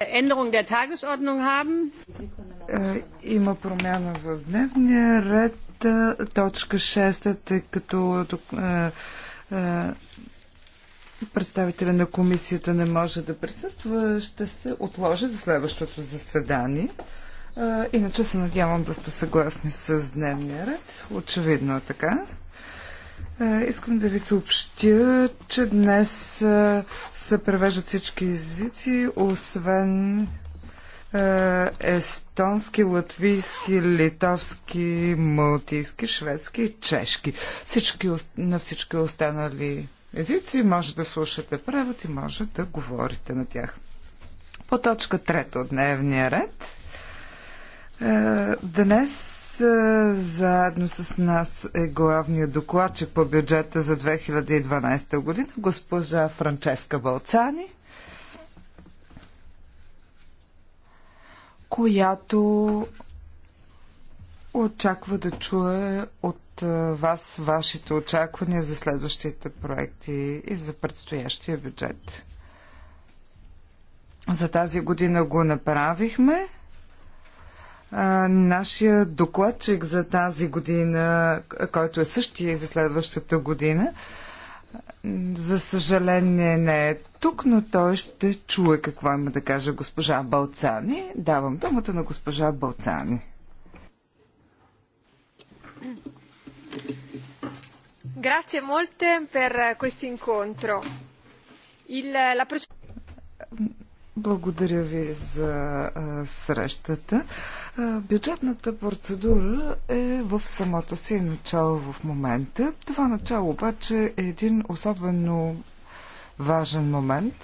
Е, има промяна в дневния ред. Е, точка 6, тъй като е, представителя на комисията не може да присъства, ще се отложи за следващото заседание. Иначе се надявам да сте съгласни с дневния ред. Очевидно е така. Е, искам да ви съобщя, че днес е, се превеждат всички езици, освен е, естонски, латвийски, литовски, малтийски, шведски и чешки. Всички, на всички останали езици може да слушате превод и може да говорите на тях. По точка трета от дневния ред. Днес заедно с нас е главния докладчик по бюджета за 2012 година, госпожа Франческа Балцани, която очаква да чуе от вас вашите очаквания за следващите проекти и за предстоящия бюджет. За тази година го направихме нашия докладчик за тази година, който е същия и за следващата година, за съжаление не е тук, но той ще чуе какво има да каже госпожа Балцани. Давам думата на госпожа Балцани. Grazie molte per questo incontro. Il, la Благодаря ви за а, срещата. Бюджетната процедура е в самото си начало в момента. Това начало обаче е един особено важен момент,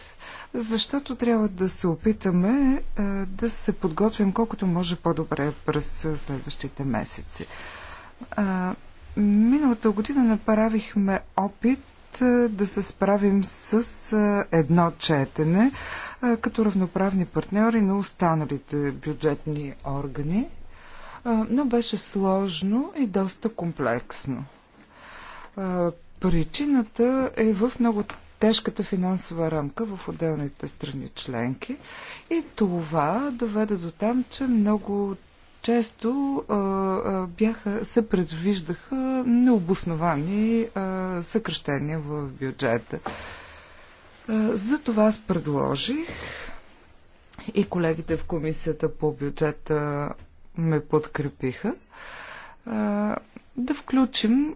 защото трябва да се опитаме да се подготвим колкото може по-добре през следващите месеци. Миналата година направихме опит да се справим с едно четене като равноправни партньори на останалите бюджетни органи, но беше сложно и доста комплексно. Причината е в много тежката финансова рамка в отделните страни членки и това доведе до там, че много често а, бяха, се предвиждаха необосновани а, съкръщения в бюджета. За това аз предложих и колегите в комисията по бюджета ме подкрепиха да включим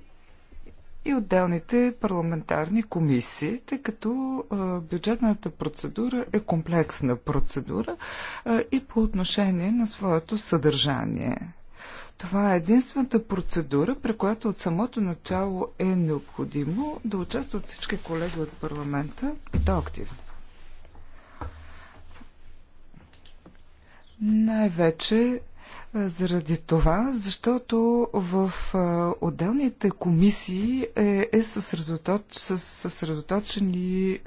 и отделните парламентарни комисии, тъй като бюджетната процедура е комплексна процедура и по отношение на своето съдържание. Това е единствената процедура, при която от самото начало е необходимо да участват всички колеги от парламента и да е активно. Най-вече заради това, защото в отделните комисии е, е съсредоточени е,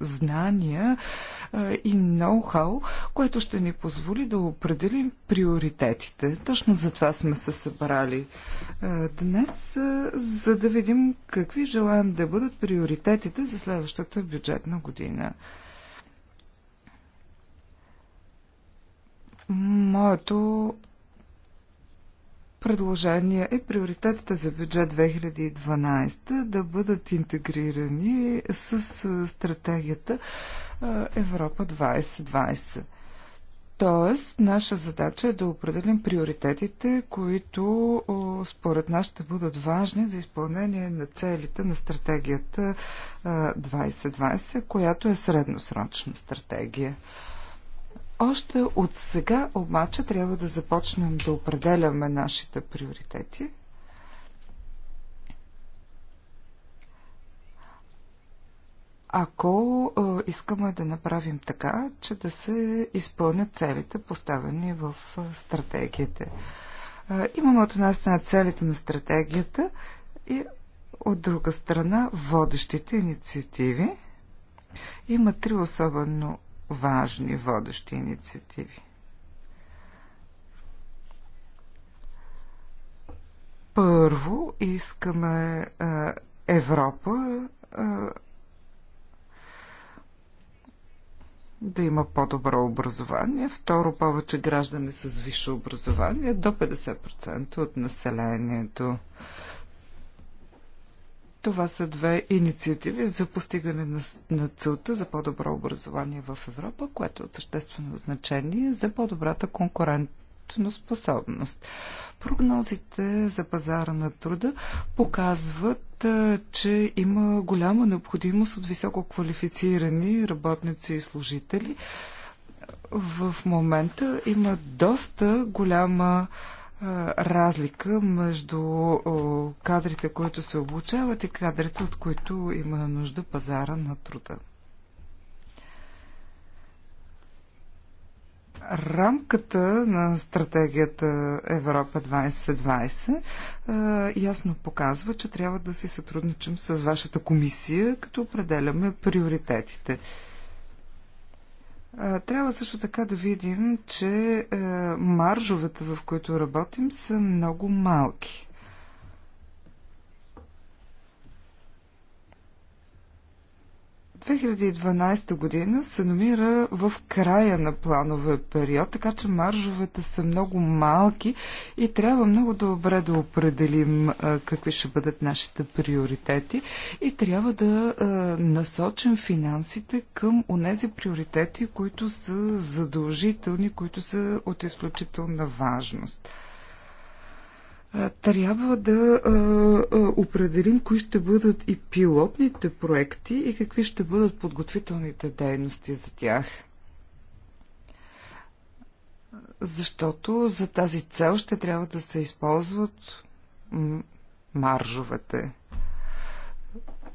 знания е, и ноу-хау, което ще ни позволи да определим приоритетите. Точно за това сме се събрали днес, за да видим какви желаем да бъдат приоритетите за следващата бюджетна година. Моето предложение е приоритетите за бюджет 2012 да бъдат интегрирани с стратегията Европа 2020. Тоест, наша задача е да определим приоритетите, които според нас ще бъдат важни за изпълнение на целите на стратегията 2020, която е средносрочна стратегия. Още от сега обаче трябва да започнем да определяме нашите приоритети. Ако е, искаме да направим така, че да се изпълнят целите, поставени в е, стратегията. Е, имаме от една страна целите на стратегията и от друга страна водещите инициативи. Има три особено важни водещи инициативи. Първо искаме е, Европа е, да има по-добро образование, второ повече граждани с висше образование, до 50% от населението. Е, това са две инициативи за постигане на, на целта за по-добро образование в Европа, което е от съществено значение за по-добрата конкурент способност. Прогнозите за пазара на труда показват, че има голяма необходимост от високо квалифицирани работници и служители. В момента има доста голяма разлика между кадрите, които се обучават и кадрите, от които има нужда пазара на труда. Рамката на стратегията Европа 2020 ясно показва, че трябва да си сътрудничим с вашата комисия, като определяме приоритетите. Трябва също така да видим, че маржовете, в които работим, са много малки. 2012 година се намира в края на плановия период, така че маржовете са много малки и трябва много добре да определим какви ще бъдат нашите приоритети и трябва да насочим финансите към онези приоритети, които са задължителни, които са от изключителна важност трябва да а, а, определим кои ще бъдат и пилотните проекти и какви ще бъдат подготвителните дейности за тях. Защото за тази цел ще трябва да се използват маржовете.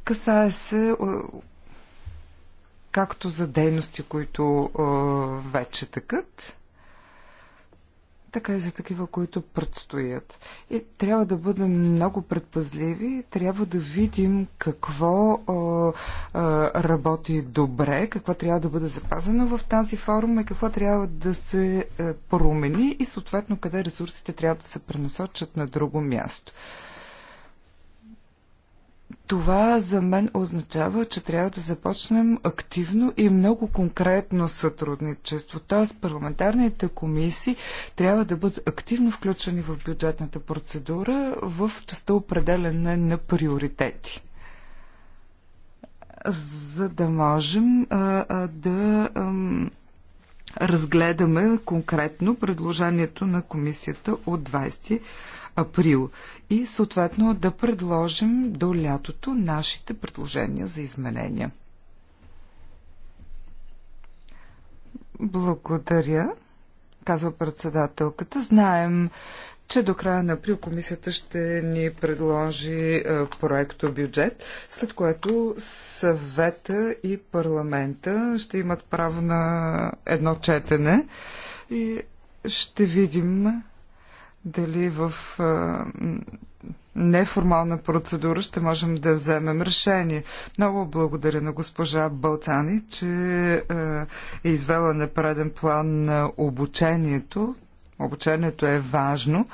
Касае се както за дейности, които а, вече такът, така и за такива, които предстоят. И трябва да бъдем много предпазливи, трябва да видим какво о, о, работи добре, какво трябва да бъде запазено в тази форма и какво трябва да се е, промени и съответно къде ресурсите трябва да се пренасочат на друго място. Това за мен означава, че трябва да започнем активно и много конкретно сътрудничество. Т.е. парламентарните комисии трябва да бъдат активно включени в бюджетната процедура в частта определене на приоритети за да можем а, а, да а, разгледаме конкретно предложението на комисията от 20 април и съответно да предложим до лятото нашите предложения за изменения. Благодаря, казва председателката. Знаем, че до края на април комисията ще ни предложи е, проекто бюджет, след което съвета и парламента ще имат право на едно четене и ще видим дали в неформална процедура ще можем да вземем решение. Много благодаря на госпожа Балцани, че е извела на преден план на обучението. Обучението е важно.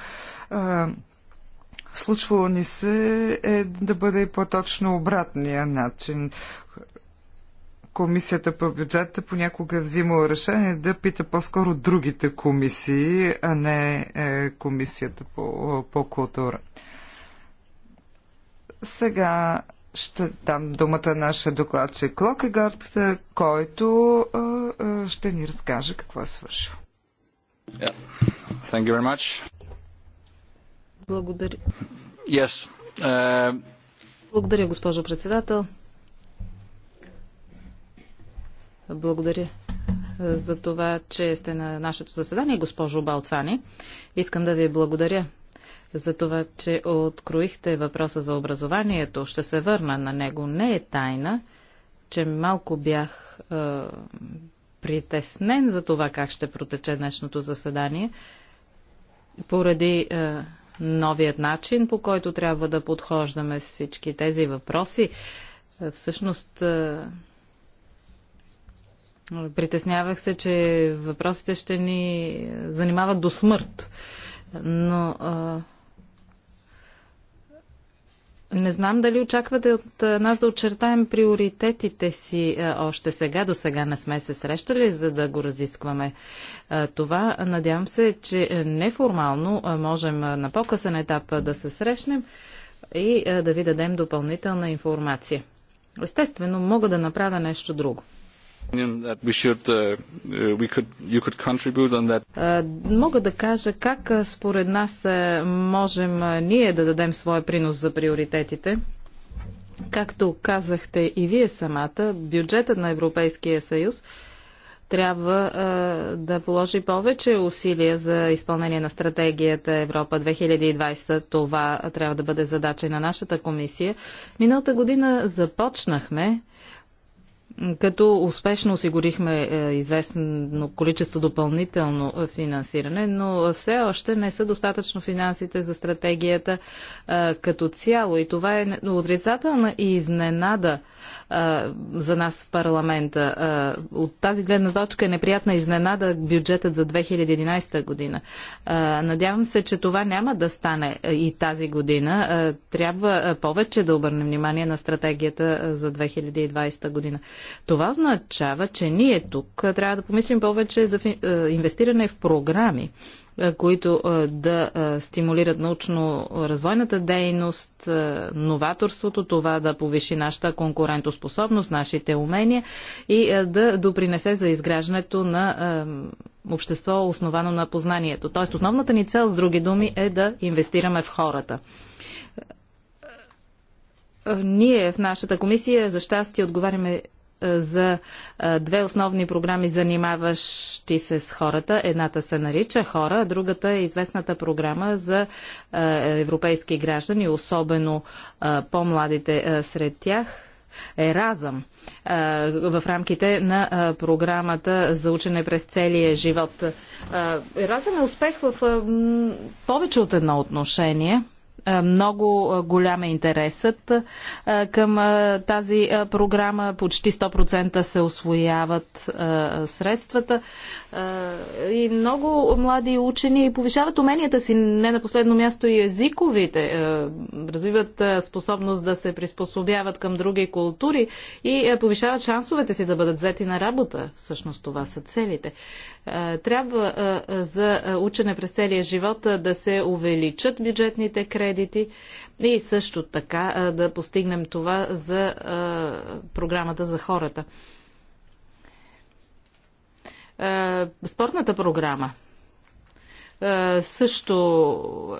Случвало ни се е да бъде и по-точно обратния начин комисията по бюджета понякога е взимала решение да пита по-скоро другите комисии, а не е, комисията по, по култура. Сега ще дам думата нашия докладчик Локегард, е, който е, ще ни разкаже какво е свършил. Yeah. Thank you very much. Благодаря. Yes. Uh... Благодаря, госпожо председател. Благодаря е, за това, че сте на нашето заседание, госпожо Балцани. Искам да ви благодаря за това, че откроихте въпроса за образованието. Ще се върна на него. Не е тайна, че малко бях е, притеснен за това как ще протече днешното заседание, поради е, новият начин, по който трябва да подхождаме всички тези въпроси. Е, всъщност, е, Притеснявах се, че въпросите ще ни занимават до смърт. Но а, не знам дали очаквате от нас да очертаем приоритетите си още сега. До сега не сме се срещали, за да го разискваме. Това надявам се, че неформално можем на по-късен етап да се срещнем и да ви дадем допълнителна информация. Естествено, мога да направя нещо друго. Uh, uh, е, мога да кажа как според нас е, можем ние да дадем своя принос за приоритетите. Както казахте и вие самата, бюджетът на Европейския съюз трябва а, да положи повече усилия за изпълнение на стратегията Европа 2020. Това трябва да бъде задача на нашата комисия. Миналата година започнахме като успешно осигурихме е, известно количество допълнително е, финансиране, но все още не са достатъчно финансите за стратегията е, като цяло. И това е отрицателна и изненада за нас в парламента. А, от тази гледна точка е неприятна изненада бюджетът за 2011 година. А, надявам се, че това няма да стане и тази година. А, трябва повече да обърнем внимание на стратегията за 2020 година. Това означава, че ние тук трябва да помислим повече за инвестиране в програми които да стимулират научно-развойната дейност, новаторството, това да повиши нашата конкурентоспособност, нашите умения и да допринесе за изграждането на общество, основано на познанието. Тоест, основната ни цел, с други думи, е да инвестираме в хората. Ние в нашата комисия, за щастие, отговаряме е, за е, две основни програми, занимаващи се с хората. Едната се нарича Хора, а другата е известната програма за е, европейски граждани, особено по-младите сред тях. Еразъм в рамките на програмата за учене през целия живот. Еразъм е успех в повече от едно отношение – много голям е интересът към тази програма. Почти 100% се освояват средствата. И много млади учени повишават уменията си, не на последно място и езиковите. Развиват способност да се приспособяват към други култури и повишават шансовете си да бъдат взети на работа. Всъщност това са целите. Трябва за учене през целия живот да се увеличат бюджетните кредити и също така да постигнем това за програмата за хората. Спортната програма – е, също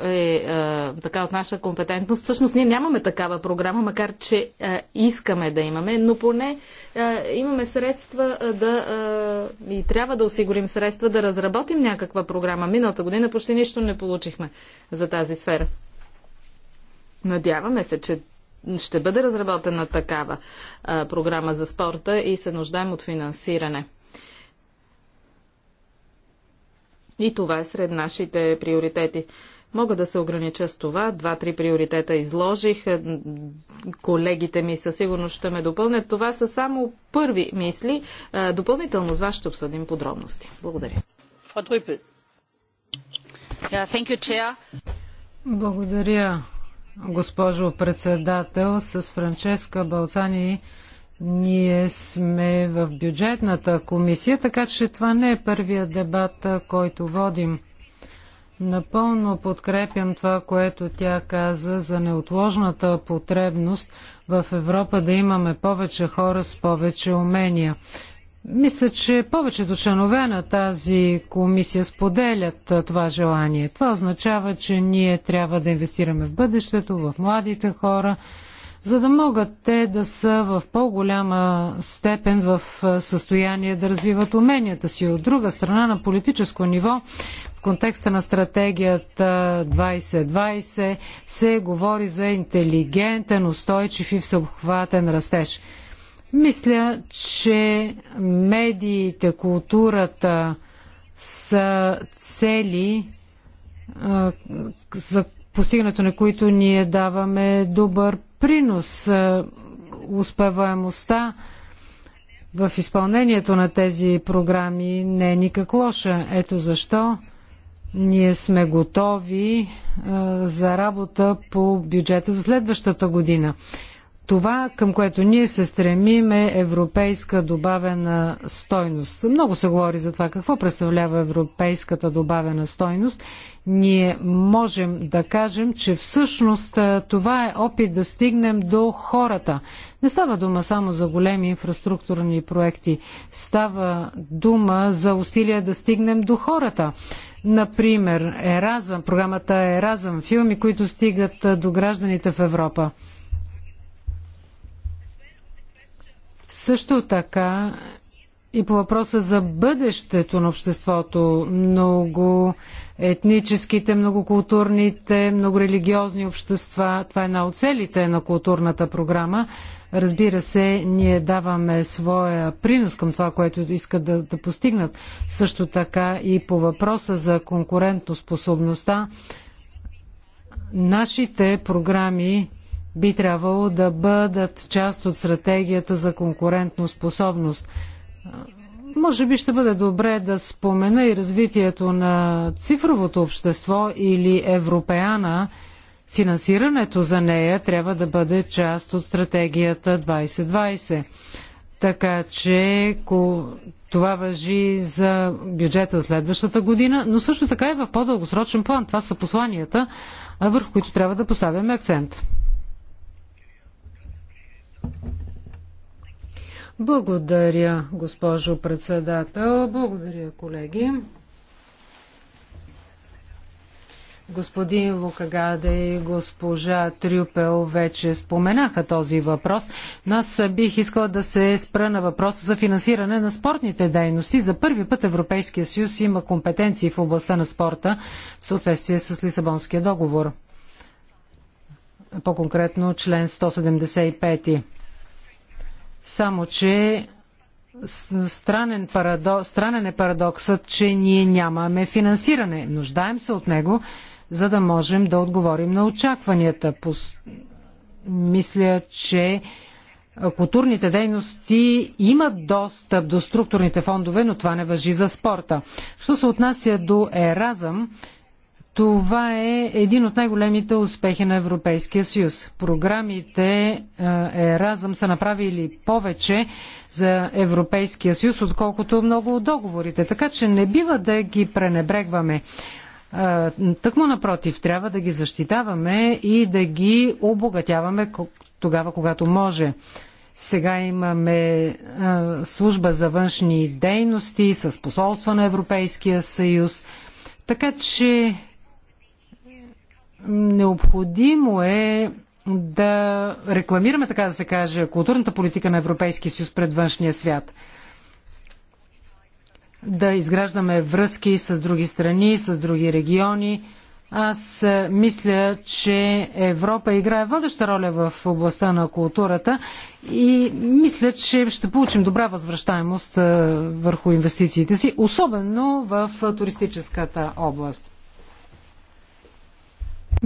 е, е така от наша компетентност. Всъщност ние нямаме такава програма, макар че е, искаме да имаме, но поне имаме средства да и трябва да осигурим средства да разработим някаква програма. Миналата година почти нищо не получихме за тази сфера. Надяваме се, че ще бъде разработена такава а, програма за спорта и се нуждаем от финансиране. И това е сред нашите приоритети. Мога да се огранича с това. Два-три приоритета изложих. Колегите ми със сигурност ще ме допълнят. Това са само първи мисли. Допълнително с вас ще обсъдим подробности. Благодаря. Благодаря, госпожо председател. С Франческа Балцани ние сме в бюджетната комисия, така че това не е първия дебат, който водим. Напълно подкрепям това, което тя каза за неотложната потребност в Европа да имаме повече хора с повече умения. Мисля, че повечето членове на тази комисия споделят това желание. Това означава, че ние трябва да инвестираме в бъдещето, в младите хора, за да могат те да са в по-голяма степен в състояние да развиват уменията си. От друга страна, на политическо ниво, в контекста на стратегията 2020, се говори за интелигентен, устойчив и всеобхватен растеж. Мисля, че медиите, културата са цели, за постигането на които ние даваме добър принос. Успеваемостта в изпълнението на тези програми не е никак лоша. Ето защо ние сме готови за работа по бюджета за следващата година. Това, към което ние се стремим е европейска добавена стойност. Много се говори за това какво представлява европейската добавена стойност. Ние можем да кажем, че всъщност това е опит да стигнем до хората. Не става дума само за големи инфраструктурни проекти. Става дума за усилия да стигнем до хората. Например, Еразъм, програмата Еразъм, филми, които стигат до гражданите в Европа. Също така и по въпроса за бъдещето на обществото, много етническите, многокултурните, многорелигиозни общества, това е една от целите на културната програма. Разбира се, ние даваме своя принос към това, което искат да, да постигнат. Също така и по въпроса за конкурентоспособността, нашите програми би трябвало да бъдат част от стратегията за конкурентно способност. Може би ще бъде добре да спомена и развитието на цифровото общество или Европеана. Финансирането за нея трябва да бъде част от стратегията 2020. Така че това въжи за бюджета следващата година, но също така и в по-дългосрочен план. Това са посланията, върху които трябва да поставяме акцент. Благодаря, госпожо председател. Благодаря, колеги. Господин Лукагаде и госпожа Трюпел вече споменаха този въпрос, но аз бих искала да се спра на въпроса за финансиране на спортните дейности. За първи път Европейския съюз има компетенции в областта на спорта в съответствие с Лисабонския договор по-конкретно член 175. Само, че странен, парадокс, странен е парадоксът, че ние нямаме финансиране. Нуждаем се от него, за да можем да отговорим на очакванията. Мисля, че културните дейности имат достъп до структурните фондове, но това не въжи за спорта. Що се отнася до Еразъм, това е един от най-големите успехи на Европейския съюз. Програмите е, Еразъм са направили повече за Европейския съюз, отколкото много от договорите. Така че не бива да ги пренебрегваме. Е, тъкмо напротив, трябва да ги защитаваме и да ги обогатяваме тогава, когато може. Сега имаме е, служба за външни дейности с посолства на Европейския съюз. Така че Необходимо е да рекламираме, така да се каже, културната политика на Европейския съюз пред външния свят. Да изграждаме връзки с други страни, с други региони. Аз мисля, че Европа играе водеща роля в областта на културата и мисля, че ще получим добра възвръщаемост върху инвестициите си, особено в туристическата област.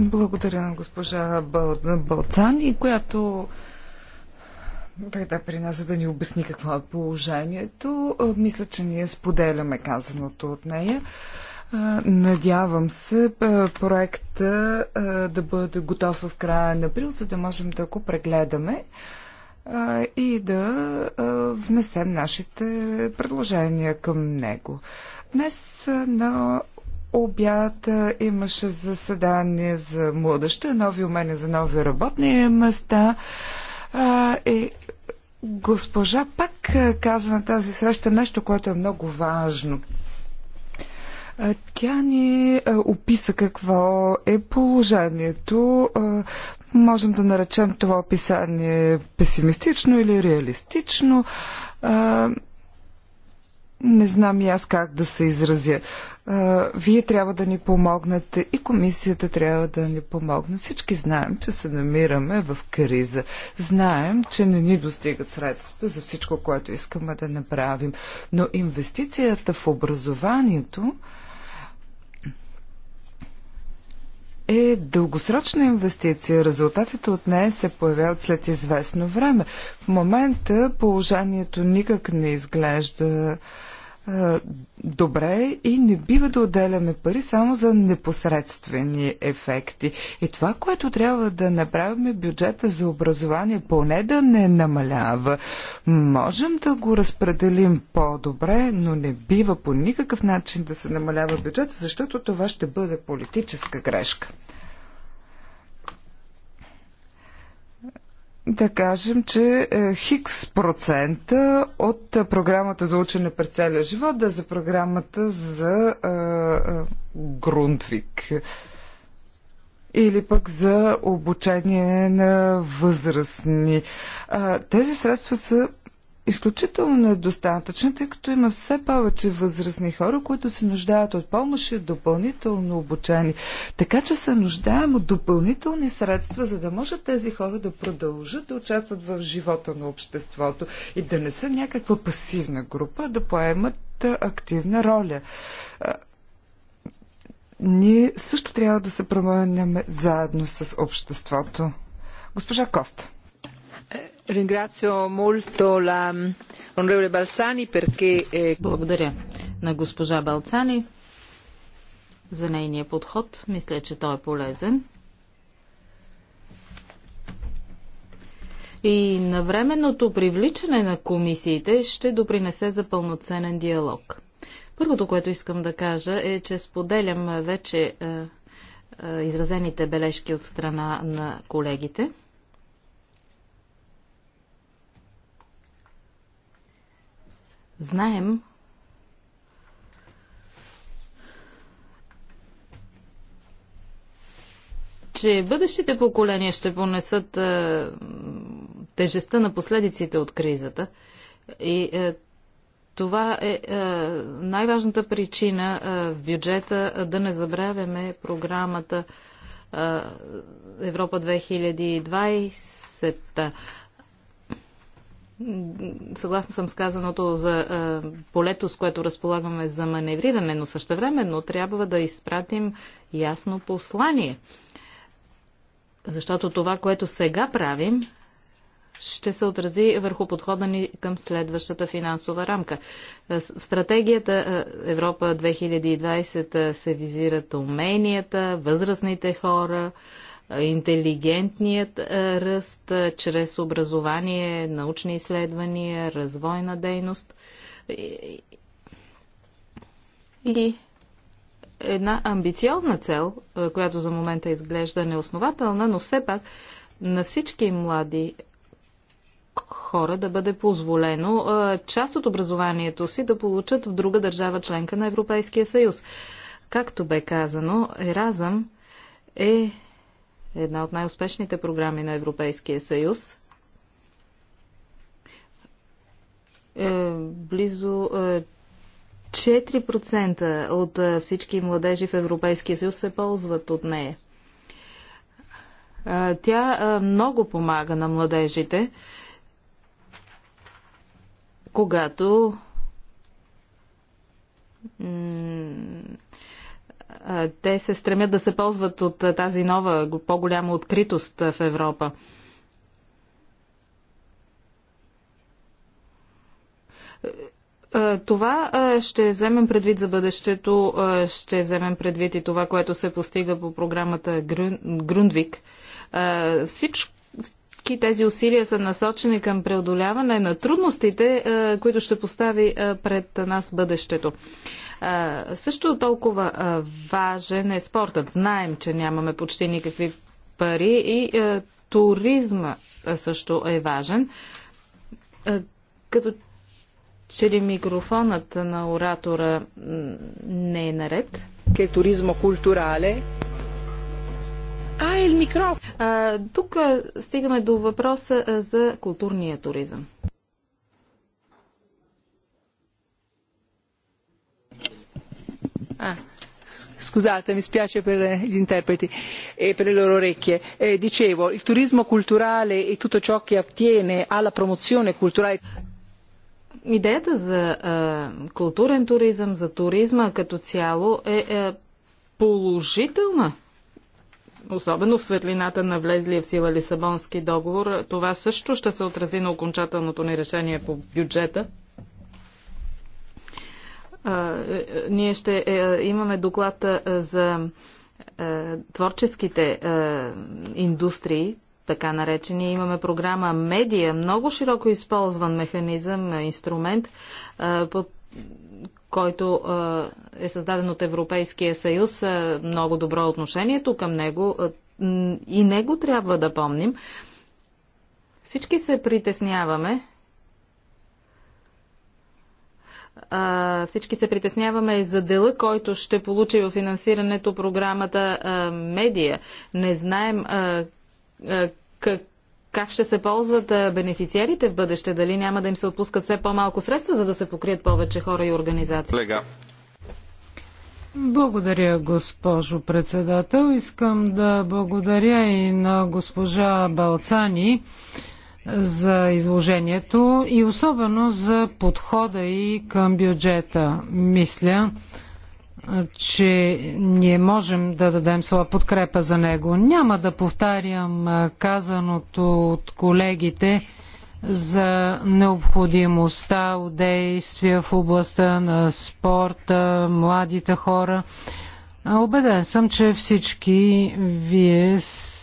Благодаря на госпожа Балцан и която дойде да, при нас, за да ни обясни какво е положението. Мисля, че ние споделяме казаното от нея. Надявам се проекта да бъде готов в края на април, за да можем да го прегледаме и да внесем нашите предложения към него. Днес на обяд имаше заседание за младеща, нови умения за нови работни места. А, и госпожа пак каза на тази среща нещо, което е много важно. Тя ни описа какво е положението. Можем да наречем това описание песимистично или реалистично. Не знам и аз как да се изразя вие трябва да ни помогнете и комисията трябва да ни помогне. Всички знаем, че се намираме в криза. Знаем, че не ни достигат средствата за всичко, което искаме да направим. Но инвестицията в образованието е дългосрочна инвестиция. Резултатите от нея се появяват след известно време. В момента положението никак не изглежда добре и не бива да отделяме пари само за непосредствени ефекти. И това, което трябва да направим е бюджета за образование, поне да не намалява. Можем да го разпределим по-добре, но не бива по никакъв начин да се намалява бюджета, защото това ще бъде политическа грешка. да кажем, че е, хикс процента от програмата за учене през целия живот да е за програмата за а, е, а, е, Грундвик или пък за обучение на възрастни. А, тези средства са изключително недостатъчна, тъй като има все повече възрастни хора, които се нуждаят от помощ и допълнително обучение. Така че се нуждаем от допълнителни средства, за да може тези хора да продължат да участват в живота на обществото и да не са някаква пасивна група, да поемат активна роля ние също трябва да се променяме заедно с обществото. Госпожа Коста. Ringrazio molto la mm, onorevole Балцани perché... Eh, Благодаря на госпожа Балцани за нейния подход. Мисля, че той е полезен. И навременното привличане на комисиите ще допринесе за пълноценен диалог. Първото, което искам да кажа е, че споделям вече е, е, изразените бележки от страна на колегите – Знаем, че бъдещите поколения ще понесат а, е, тежестта на последиците от кризата. И а, е, това е, е, най-важната причина а, в бюджета а, да не забравяме програмата а, Европа 2020. Съгласна съм с казаното за е, полето, с което разполагаме за маневриране, но същевременно трябва да изпратим ясно послание. Защото това, което сега правим, ще се отрази върху подхода ни към следващата финансова рамка. Е, в стратегията е, Европа 2020 се визират уменията, възрастните хора, интелигентният ръст чрез образование, научни изследвания, развойна дейност и една амбициозна цел, която за момента изглежда неоснователна, но все пак на всички млади хора да бъде позволено част от образованието си да получат в друга държава членка на Европейския съюз. Както бе казано, Еразъм е една от най-успешните програми на Европейския съюз. Е, близо е, 4% от е, всички младежи в Европейския съюз се ползват от нея. Е, тя е, много помага на младежите, когато те се стремят да се ползват от тази нова, по-голяма откритост в Европа. Това ще вземем предвид за бъдещето, ще вземем предвид и това, което се постига по програмата Грундвик. Всички тези усилия са насочени към преодоляване на трудностите, които ще постави пред нас бъдещето. Също толкова важен е спортът. Знаем, че нямаме почти никакви пари и туризма също е важен. Като че ли микрофонът на оратора не е наред? Ке туризма културале. а, е микрофон! тук стигаме до въпроса за културния туризъм. Ah, scusate, mi spiace per eh, gli interpreti e per le loro orecchie. Eh, dicevo, il turismo culturale e tutto ciò che attiene alla promozione culturale. Идеята за а, е, културен туризъм, за туризма като цяло е, е положителна. Особено в светлината на влезлия в сила Лисабонски договор, това също ще се отрази на окончателното ни решение по бюджета е, е, ние ще е, имаме доклад за творческите индустрии, така наречени. Имаме програма Медия, много широко използван механизъм, инструмент, под който е създаден от Европейския съюз. Много добро отношението към него и него трябва да помним. Всички се притесняваме а, всички се притесняваме за дела, който ще получи в финансирането програмата а, Медия. Не знаем а, а, как как ще се ползват а, бенефициарите в бъдеще? Дали няма да им се отпускат все по-малко средства, за да се покрият повече хора и организации? Лега. Благодаря, госпожо председател. Искам да благодаря и на госпожа Балцани за изложението и особено за подхода и към бюджета. Мисля, че ние можем да дадем своя подкрепа за него. Няма да повтарям казаното от колегите за необходимостта от действия в областта на спорта, младите хора. Обеден съм, че всички вие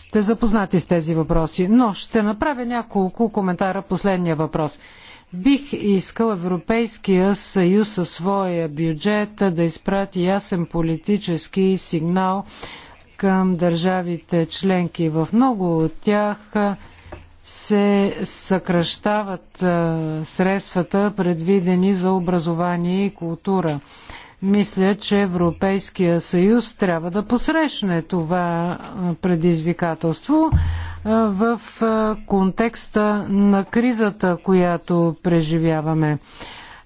сте запознати с тези въпроси, но ще направя няколко коментара последния въпрос. Бих искал Европейския съюз със своя бюджет да изпрати ясен политически сигнал към държавите членки. В много от тях се съкръщават средствата, предвидени за образование и култура. Мисля, че Европейския съюз трябва да посрещне това предизвикателство в контекста на кризата, която преживяваме.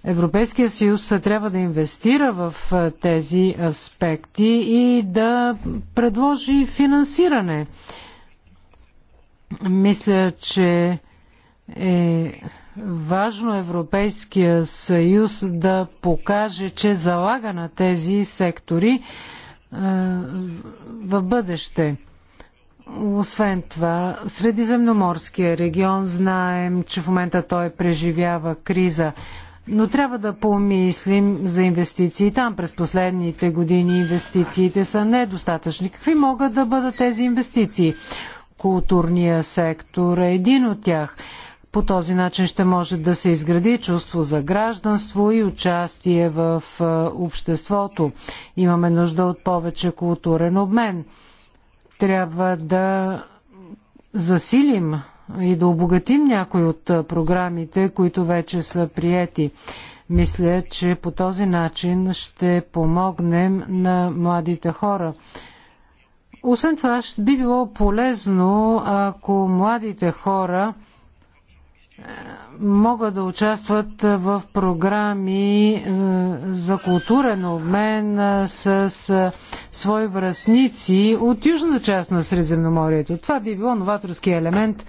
Европейския съюз трябва да инвестира в тези аспекти и да предложи финансиране. Мисля, че е Важно е Европейския съюз да покаже, че залага на тези сектори е, в бъдеще. Освен това, Средиземноморския регион знаем, че в момента той преживява криза. Но трябва да помислим за инвестиции там. През последните години инвестициите са недостатъчни. Какви могат да бъдат тези инвестиции? Културния сектор е един от тях. По този начин ще може да се изгради чувство за гражданство и участие в обществото. Имаме нужда от повече културен обмен. Трябва да засилим и да обогатим някои от програмите, които вече са приети. Мисля, че по този начин ще помогнем на младите хора. Освен това, би било полезно, ако младите хора могат да участват в програми е, за културен обмен е, с е, свои връзници от южната част на Средземноморието. Това би било новаторски елемент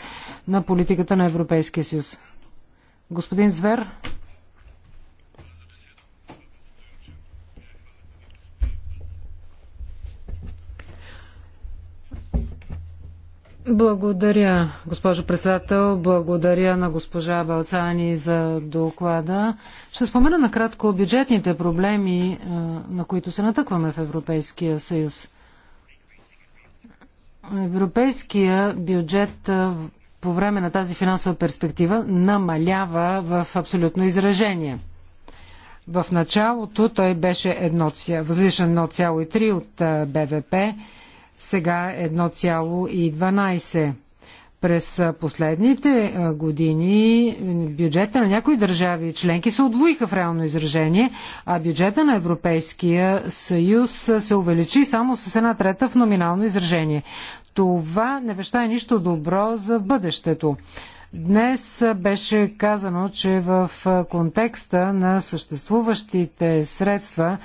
на политиката на Европейския съюз. Господин Звер. Благодаря, госпожо председател. Благодаря на госпожа Балцани за доклада. Ще спомена накратко бюджетните проблеми, е, на които се натъкваме в Европейския съюз. Европейския бюджет е, по време на тази финансова перспектива намалява в абсолютно изражение. В началото той беше 1, възлишен 1,3 от е, БВП сега е 1,12. През последните години бюджета на някои държави членки се отвоиха в реално изражение, а бюджета на Европейския съюз се увеличи само с една трета в номинално изражение. Това не веща е нищо добро за бъдещето. Днес беше казано, че в контекста на съществуващите средства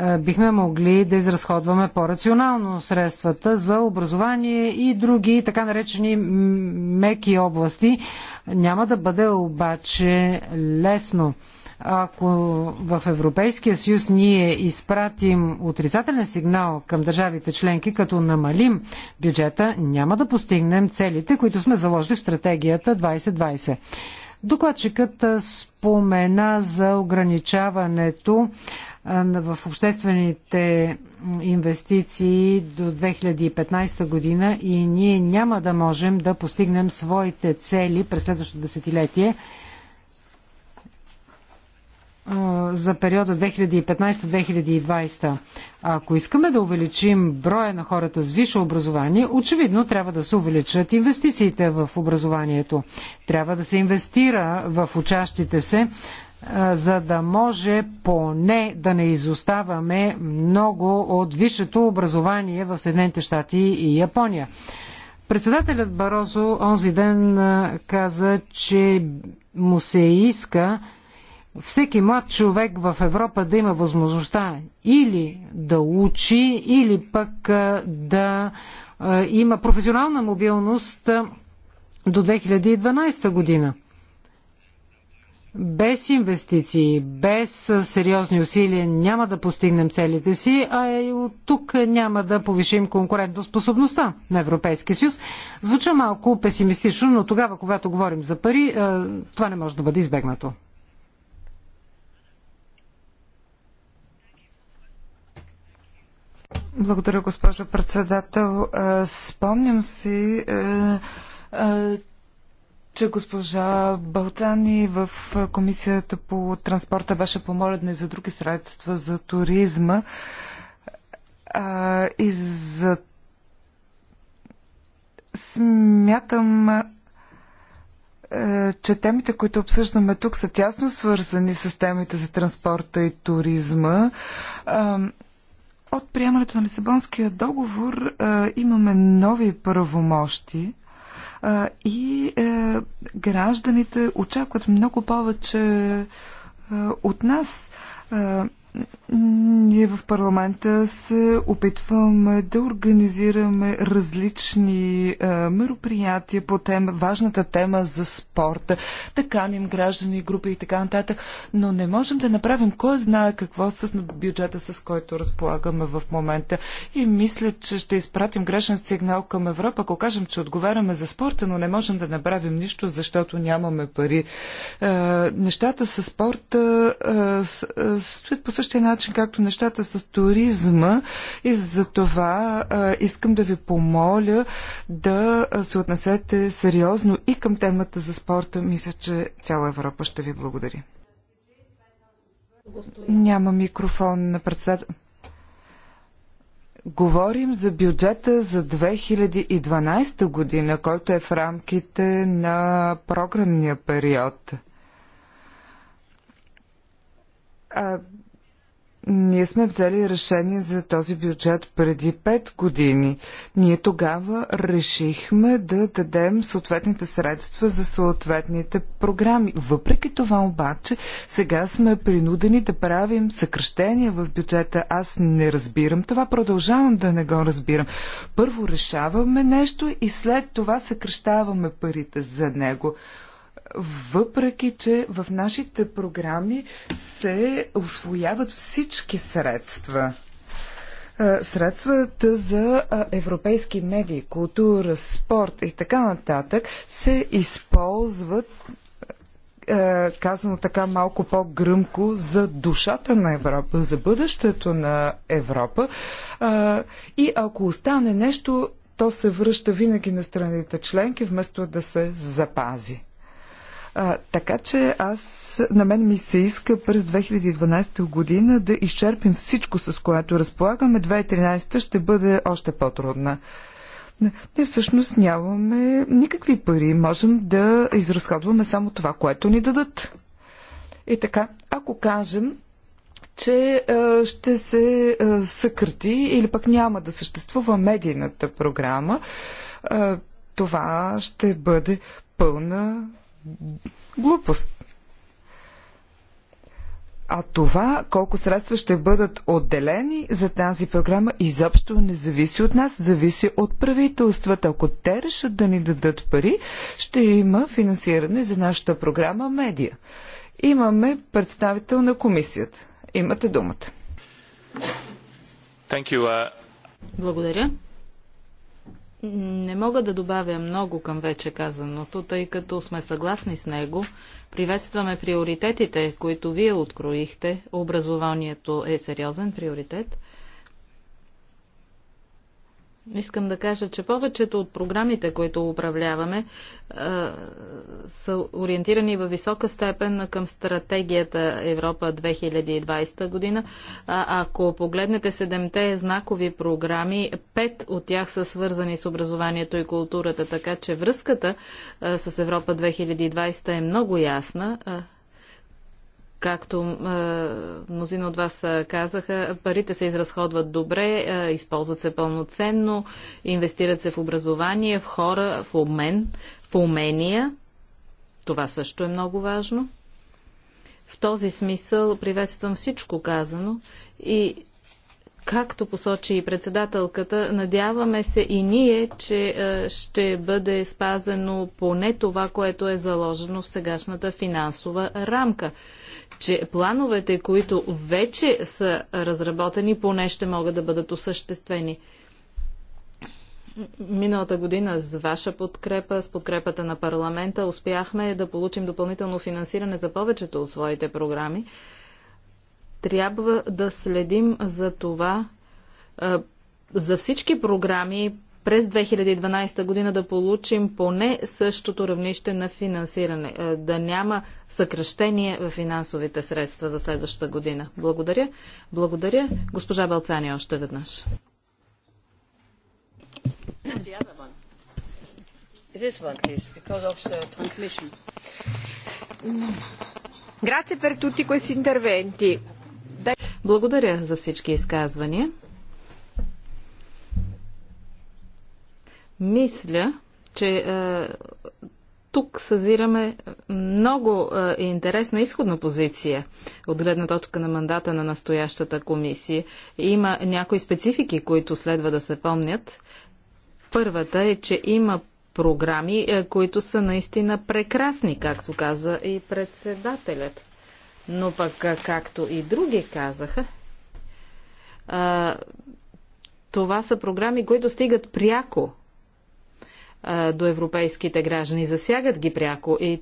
е, бихме могли да изразходваме по-рационално средствата за образование и други така наречени меки области. Няма да бъде обаче лесно. Ако в Европейския съюз ние изпратим отрицателен сигнал към държавите членки, като намалим бюджета, няма да постигнем целите, които сме заложили в стратегията 2020. Докладчикът спомена за ограничаването в обществените инвестиции до 2015 година и ние няма да можем да постигнем своите цели през следващото десетилетие за периода 2015-2020. Ако искаме да увеличим броя на хората с висше образование, очевидно трябва да се увеличат инвестициите в образованието. Трябва да се инвестира в учащите се, за да може поне да не изоставаме много от висшето образование в Съединените щати и Япония. Председателят Барозо онзи ден каза, че му се иска всеки млад човек в Европа да има възможността или да учи, или пък да има професионална мобилност до 2012 година. Без инвестиции, без сериозни усилия няма да постигнем целите си, а и от тук няма да повишим конкурентоспособността на Европейския съюз. Звуча малко песимистично, но тогава, когато говорим за пари, е, това не може да бъде избегнато. Благодаря, госпожо председател. Е, спомням си, е, че госпожа Балтани в Комисията по транспорта беше помолена и за други средства за туризма а, и за смятам че темите, които обсъждаме тук, са тясно свързани с темите за транспорта и туризма. От приемането на Лисабонския договор имаме нови правомощи а, и е, гражданите очакват много повече е, от нас. Е, ние в парламента се опитваме да организираме различни е, мероприятия по тема, важната тема за спорта, да каним граждани, групи и така нататък, но не можем да направим кой знае какво с бюджета, с който разполагаме в момента. И мисля, че ще изпратим грешен сигнал към Европа, ако кажем, че отговаряме за спорта, но не можем да направим нищо, защото нямаме пари. Е, нещата с спорта е, стоят по същия начин начин, както нещата с туризма и за това а, искам да ви помоля да се отнесете сериозно и към темата за спорта. Мисля, че цяла Европа ще ви благодари. Няма микрофон на председател. Говорим за бюджета за 2012 година, който е в рамките на програмния период. А, ние сме взели решение за този бюджет преди 5 години. Ние тогава решихме да дадем съответните средства за съответните програми. Въпреки това обаче, сега сме принудени да правим съкръщения в бюджета. Аз не разбирам това, продължавам да не го разбирам. Първо решаваме нещо и след това съкръщаваме парите за него въпреки че в нашите програми се освояват всички средства. Е, средствата за европейски медии, култура, спорт и така нататък се използват е, казано така малко по-гръмко, за душата на Европа, за бъдещето на Европа. Е, и ако остане нещо, то се връща винаги на страните членки, вместо да се запази. А, така че аз, на мен ми се иска през 2012 година да изчерпим всичко, с което разполагаме. 2013 ще бъде още по-трудна. Ние всъщност нямаме никакви пари. Можем да изразходваме само това, което ни дадат. И така, ако кажем, че ще се съкрати или пък няма да съществува медийната програма, това ще бъде пълна глупост. А това, колко средства ще бъдат отделени за тази програма, изобщо не зависи от нас, зависи от правителствата. Ако те решат да ни дадат пари, ще има финансиране за нашата програма Медия. Имаме представител на комисията. Имате думата. Uh, Благодаря. Не мога да добавя много към вече казаното, тъй като сме съгласни с него. Приветстваме приоритетите, които вие откроихте. Образованието е сериозен приоритет. Искам да кажа, че повечето от програмите, които управляваме, са ориентирани във висока степен към стратегията Европа 2020 година. Ако погледнете седемте знакови програми, пет от тях са свързани с образованието и културата, така че връзката с Европа 2020 е много ясна. Както е, мнозина от вас е, казаха, парите се изразходват добре, е, използват се пълноценно, инвестират се в образование, в хора, в обмен, в умения. Това също е много важно. В този смисъл приветствам всичко казано и както посочи и председателката, надяваме се и ние, че ще бъде спазено поне това, което е заложено в сегашната финансова рамка че плановете, които вече са разработени, поне ще могат да бъдат осъществени. Миналата година с ваша подкрепа, с подкрепата на парламента, успяхме да получим допълнително финансиране за повечето от своите програми. Трябва да следим за това за всички програми през 2012 година да получим поне същото равнище на финансиране, е, да няма съкръщение в финансовите средства за следващата година. Благодаря. Благодаря. Госпожа Балцани още веднъж. Благодаря за всички изказвания. Мисля, че е, тук съзираме много е, интересна изходна позиция от гледна точка на мандата на настоящата комисия. Има някои специфики, които следва да се помнят. Първата е, че има програми, е, които са наистина прекрасни, както каза и председателят. Но пък, е, както и други казаха, е, това са програми, които стигат пряко а, до европейските граждани, засягат ги пряко и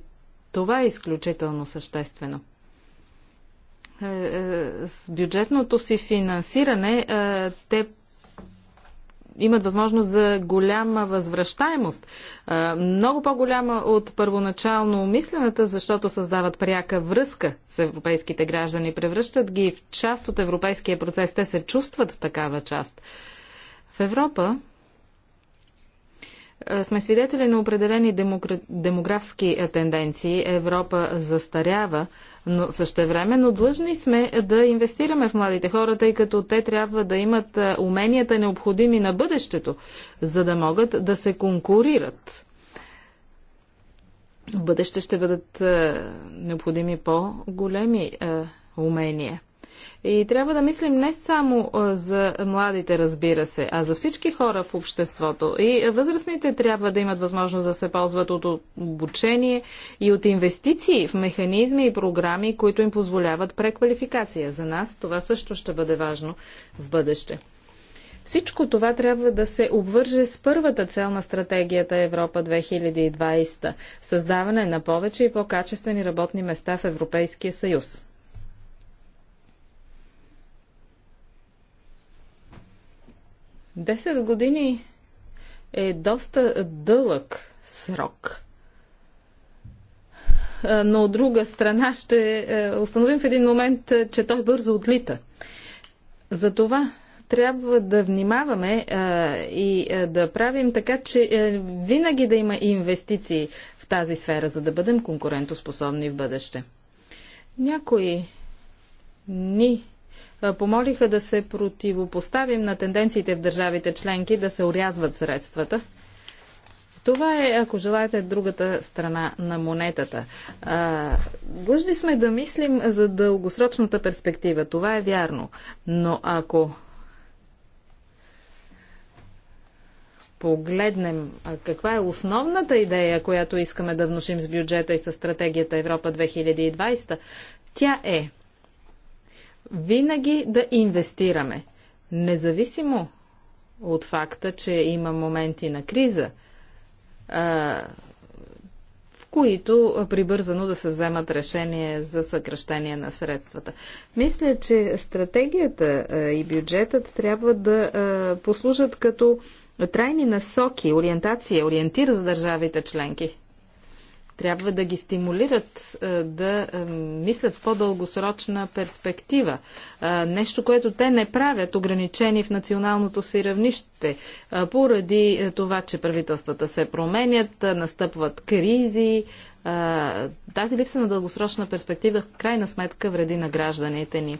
това е изключително съществено. Е, е, с бюджетното си финансиране е, те имат възможност за голяма възвръщаемост. Много по-голяма от първоначално мислената, защото създават пряка връзка с европейските граждани, превръщат ги в част от европейския процес. Те се чувстват такава част. В Европа е, сме свидетели на определени демокр... демографски е, тенденции. Европа застарява, но същевременно длъжни сме да инвестираме в младите хора, тъй като те трябва да имат е, уменията необходими на бъдещето, за да могат да се конкурират. В бъдеще ще бъдат необходими по-големи умения. И трябва да мислим не само за младите, разбира се, а за всички хора в обществото. И възрастните трябва да имат възможност да се ползват от обучение и от инвестиции в механизми и програми, които им позволяват преквалификация. За нас това също ще бъде важно в бъдеще. Всичко това трябва да се обвърже с първата цел на стратегията Европа 2020 създаване на повече и по-качествени работни места в Европейския съюз. 10 години е доста дълъг срок. Но от друга страна ще е, установим в един момент, е, че той бързо отлита. Затова трябва да внимаваме а, е, и а, да правим така, че а, винаги да има инвестиции в тази сфера, за да бъдем конкурентоспособни в бъдеще. Някои ни помолиха да се противопоставим на тенденциите в държавите членки да се урязват средствата. Това е, ако желаете, другата страна на монетата. А, длъжни сме да мислим за дългосрочната перспектива. Това е вярно. Но ако погледнем каква е основната идея, която искаме да внушим с бюджета и с стратегията Европа 2020, тя е винаги да инвестираме. Независимо от факта, че има моменти на криза, в които прибързано да се вземат решения за съкръщение на средствата. Мисля, че стратегията и бюджетът трябва да послужат като трайни насоки, ориентация, ориентир за държавите членки трябва да ги стимулират е, да е, мислят в по-дългосрочна перспектива. Е, нещо, което те не правят, ограничени в националното си равнище, поради това, че правителствата се променят, настъпват кризи. Тази липса на дългосрочна перспектива в крайна сметка вреди на гражданите ни.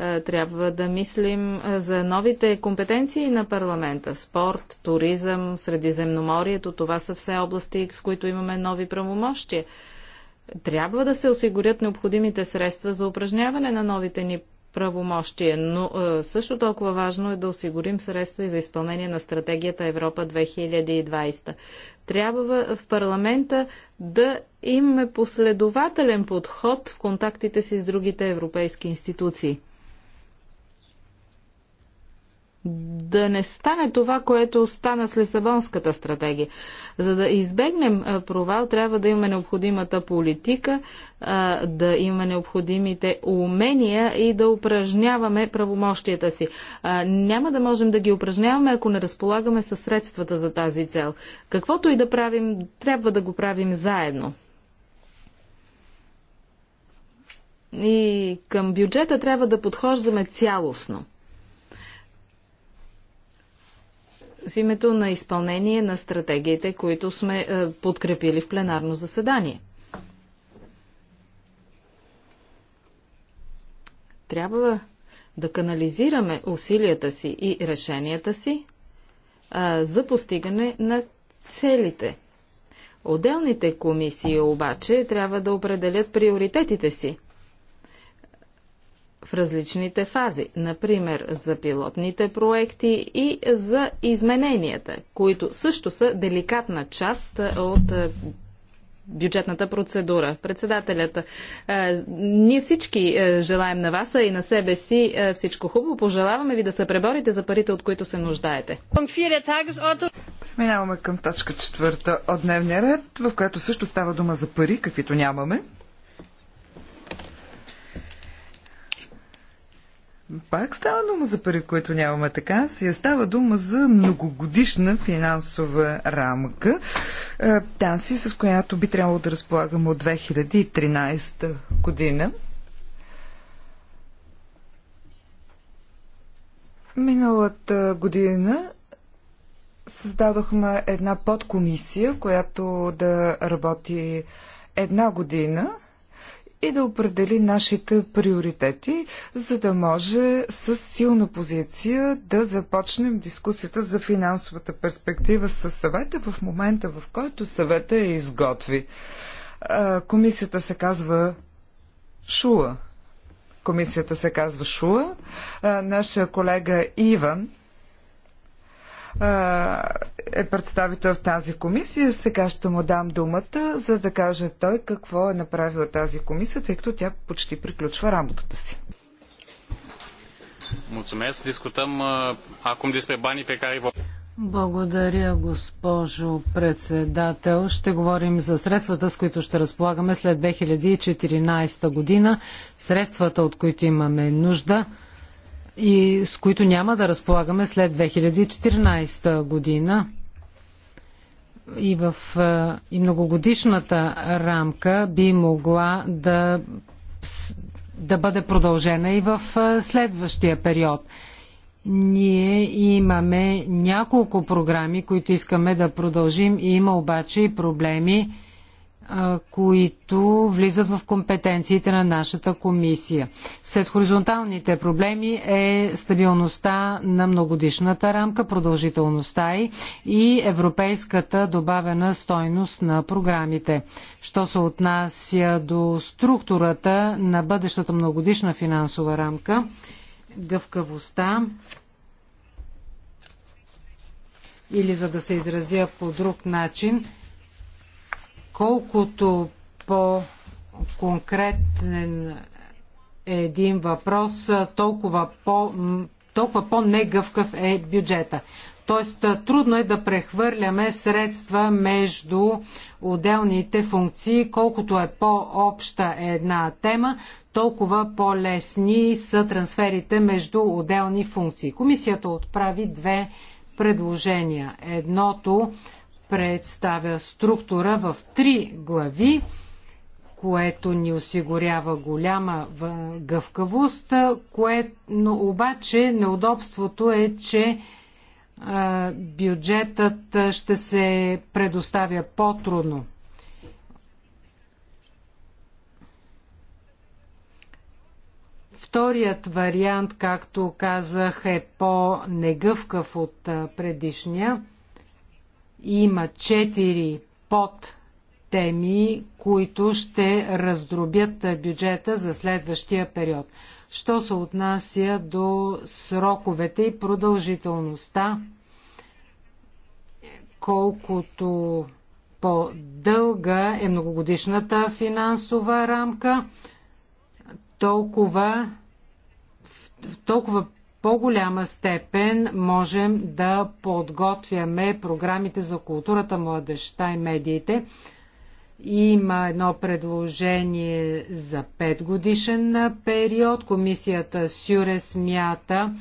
Е, трябва да мислим е, за новите компетенции на парламента. Спорт, туризъм, Средиземноморието, това са все области, в които имаме нови правомощия. Трябва да се осигурят необходимите средства за упражняване на новите ни правомощия, но е, също толкова важно е да осигурим средства и за изпълнение на стратегията Европа 2020. Трябва в парламента да имаме последователен подход в контактите си с другите европейски институции да не стане това, което стана с Лисабонската стратегия. За да избегнем провал, трябва да имаме необходимата политика, да имаме необходимите умения и да упражняваме правомощията си. Няма да можем да ги упражняваме, ако не разполагаме със средствата за тази цел. Каквото и да правим, трябва да го правим заедно. И към бюджета трябва да подхождаме цялостно. в името на изпълнение на стратегиите, които сме е, подкрепили в пленарно заседание. Трябва да канализираме усилията си и решенията си а, е, за постигане на целите. Отделните комисии обаче трябва да определят приоритетите си в различните фази, например за пилотните проекти и за измененията, които също са деликатна част е, от е, бюджетната процедура. Председателята, е, ние всички желаем на вас и на себе си всичко хубаво. Пожелаваме ви да се преборите за парите, от които се нуждаете. Преминаваме към точка четвърта от дневния ред, в която също става дума за пари, каквито нямаме. Пак става дума за пари, които нямаме така. Си става дума за многогодишна финансова рамка, е, тази с която би трябвало да разполагаме от 2013 година. Миналата година създадохме една подкомисия, която да работи една година – и да определи нашите приоритети, за да може с силна позиция да започнем дискусията за финансовата перспектива с съвета в момента, в който съвета е изготви. Комисията се казва Шула. Комисията се казва Шула. Нашия колега Иван е представител в тази комисия. Сега ще му дам думата, за да каже той какво е направил тази комисия, тъй като тя почти приключва работата си. Mulțumesc. Discutăm acum despre banii pe care Благодаря, госпожо председател. Ще говорим за средствата, с които ще разполагаме след 2014 година. Средствата, от които имаме нужда и с които няма да разполагаме след 2014 година. И в е, и многогодишната рамка би могла да, да бъде продължена и в е, следващия период. Ние имаме няколко програми, които искаме да продължим. Има обаче и проблеми които влизат в компетенциите на нашата комисия. След хоризонталните проблеми е стабилността на многодишната рамка, продължителността и, и европейската добавена стойност на програмите. Що се отнася до структурата на бъдещата многодишна финансова рамка, гъвкавостта, или за да се изразя по друг начин – Колкото по-конкретен е един въпрос, толкова, по, толкова по-негъвкъв е бюджета. Тоест трудно е да прехвърляме средства между отделните функции. Колкото е по-обща една тема, толкова по-лесни са трансферите между отделни функции. Комисията отправи две предложения. Едното представя структура в три глави, което ни осигурява голяма гъвкавост, кое, но обаче неудобството е, че бюджетът ще се предоставя по-трудно. Вторият вариант, както казах, е по-негъвкав от предишния. Има четири под теми, които ще раздробят бюджета за следващия период. Що се отнася до сроковете и продължителността, колкото по-дълга е многогодишната финансова рамка, толкова, толкова по-голяма степен можем да подготвяме програмите за културата, младеща и медиите. Има едно предложение за 5 годишен период. Комисията Сюре смята,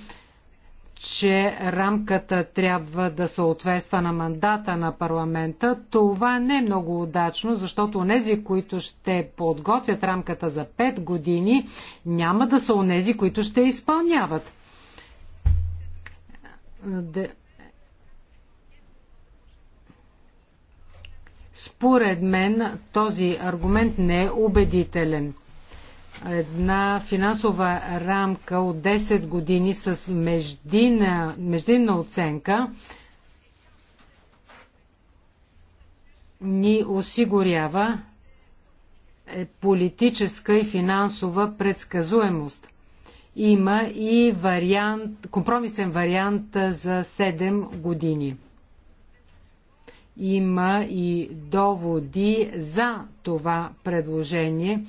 че рамката трябва да съответства на мандата на парламента. Това не е много удачно, защото онези, които ще подготвят рамката за 5 години, няма да са онези, които ще изпълняват. Според мен този аргумент не е убедителен. Една финансова рамка от 10 години с междинна, междинна оценка ни осигурява е политическа и финансова предсказуемост има и вариант, компромисен вариант за 7 години. Има и доводи за това предложение,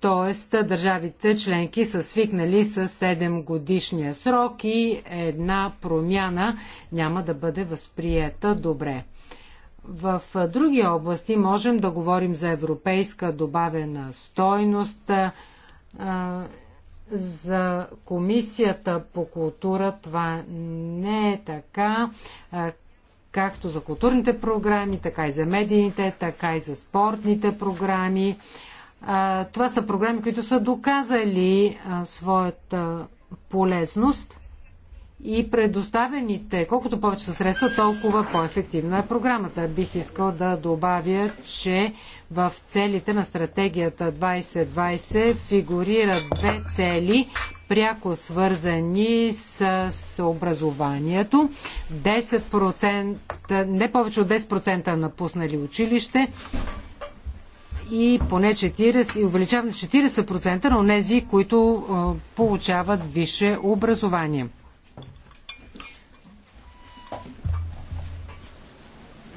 т.е. държавите членки са свикнали с 7 годишния срок и една промяна няма да бъде възприета добре. В други области можем да говорим за европейска добавена стойност, за Комисията по култура това не е така, както за културните програми, така и за медийните, така и за спортните програми. Това са програми, които са доказали своята полезност и предоставените, колкото повече са средства, толкова по-ефективна е програмата. Бих искал да добавя, че в целите на стратегията 2020 фигурират две цели, пряко свързани с образованието. 10%, не повече от 10% напуснали училище и поне 40, и увеличаване 40% на тези, които получават висше образование.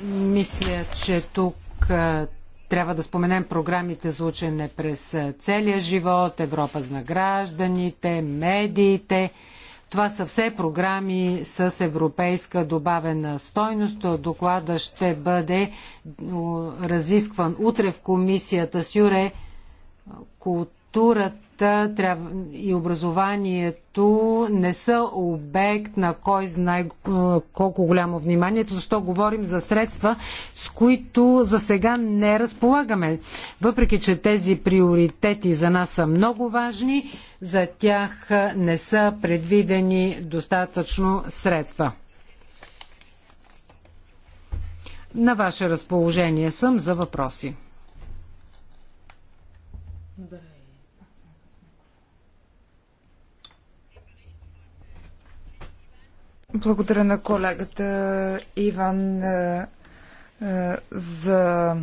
Мисля, че тук трябва да споменем програмите за учене през целия живот, Европа на гражданите, медиите. Това са все програми с европейска добавена стойност. Доклада ще бъде разискван утре в комисията с Юре. Култ културата и образованието не са обект на кой знае е, колко голямо вниманието, защо говорим за средства, с които за сега не разполагаме. Въпреки, че тези приоритети за нас са много важни, за тях не са предвидени достатъчно средства. На ваше разположение съм за въпроси. Да. Благодаря на колегата Иван е, е, за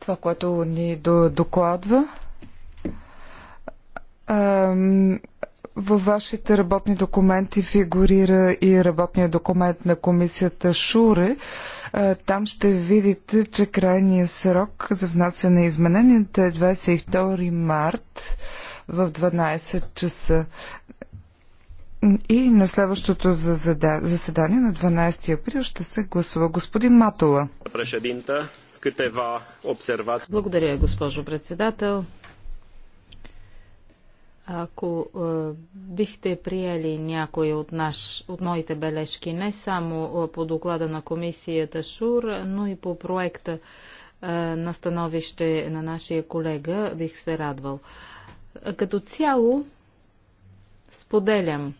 това, което ни докладва. Във вашите работни документи фигурира и работният документ на комисията Шуре. Е, там ще видите, че крайният срок за внасяне на измененията е 22 март в 12 часа. И на следващото заседание на 12 април ще се гласува господин Матола. Благодаря, госпожо председател. Ако е, бихте приели някои от, наш, от моите бележки, не само е, по доклада на комисията ШУР, но и по проекта е, на становище на нашия колега, бих се радвал. Като цяло, споделям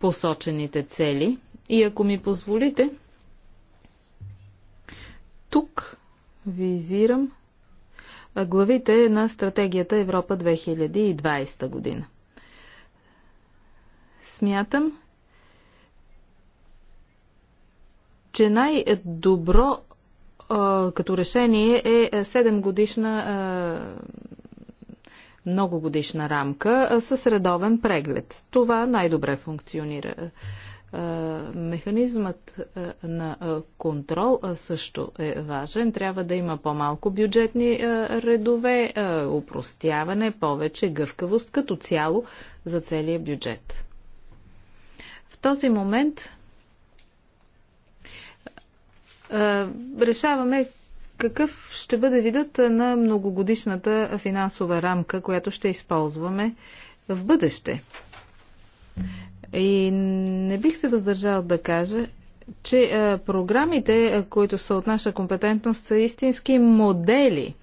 посочените цели. И ако ми позволите, тук визирам главите на стратегията Европа 2020 година. Смятам, че най-добро като решение е 7 годишна многогодишна рамка с редовен преглед. Това най-добре функционира. Механизмът на контрол също е важен. Трябва да има по-малко бюджетни редове, упростяване, повече гъвкавост като цяло за целия бюджет. В този момент решаваме какъв ще бъде видът на многогодишната финансова рамка, която ще използваме в бъдеще. И не бих се въздържал да кажа, че а, програмите, които са от наша компетентност, са истински модели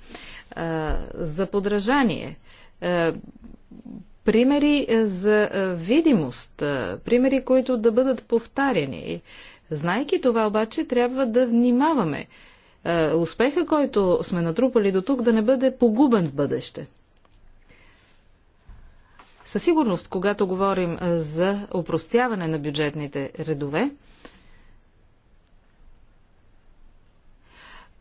а, за подражание. А, примери за видимост, примери, които да бъдат повтаряни. Знайки това обаче, трябва да внимаваме е, успеха, който сме натрупали до тук, да не бъде погубен в бъдеще. Със сигурност, когато говорим е, за опростяване на бюджетните редове,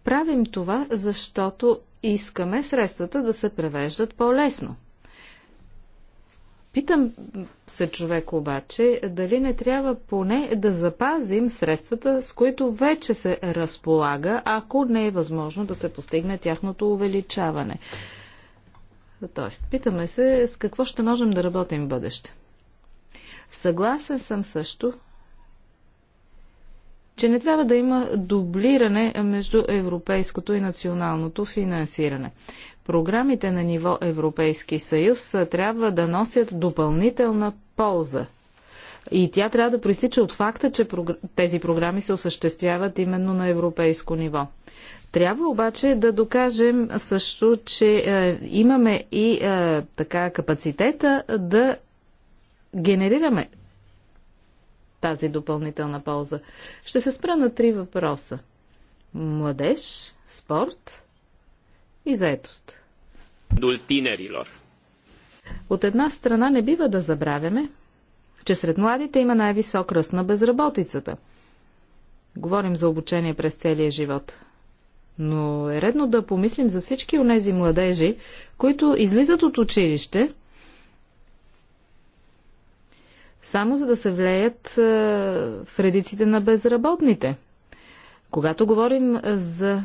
правим това, защото искаме средствата да се превеждат по-лесно – Питам се човек обаче, дали не трябва поне да запазим средствата, с които вече се разполага, ако не е възможно да се постигне тяхното увеличаване. Тоест, питаме се с какво ще можем да работим в бъдеще. Съгласен съм също, че не трябва да има дублиране между европейското и националното финансиране програмите на ниво Европейски съюз трябва да носят допълнителна полза. И тя трябва да проистича от факта, че тези програми се осъществяват именно на европейско ниво. Трябва обаче да докажем също, че е, имаме и е, така капацитета да генерираме тази допълнителна полза. Ще се спра на три въпроса. Младеж, спорт и заетост. От една страна не бива да забравяме, че сред младите има най-висок ръст на безработицата. Говорим за обучение през целия живот. Но е редно да помислим за всички тези младежи, които излизат от училище, само за да се влеят е, в редиците на безработните. Когато говорим е, за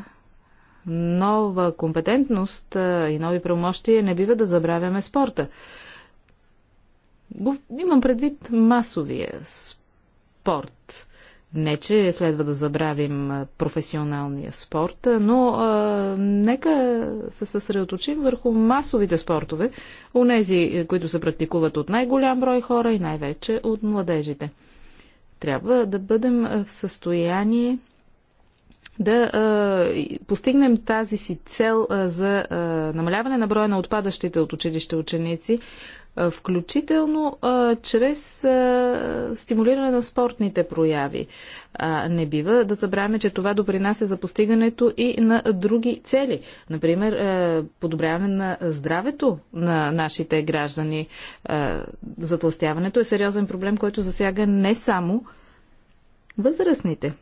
нова компетентност и нови правомощия не бива да забравяме спорта. Имам предвид масовия спорт. Не, че следва да забравим професионалния спорт, но а, нека се съсредоточим върху масовите спортове, унези, които се практикуват от най-голям брой хора и най-вече от младежите. Трябва да бъдем в състояние да а, постигнем тази си цел а, за а, намаляване на броя на отпадащите от училище ученици, а, включително а, чрез а, стимулиране на спортните прояви. А, не бива да забравяме, че това допринася за постигането и на други цели. Например, а, подобряване на здравето на нашите граждани. А, затластяването е сериозен проблем, който засяга не само възрастните.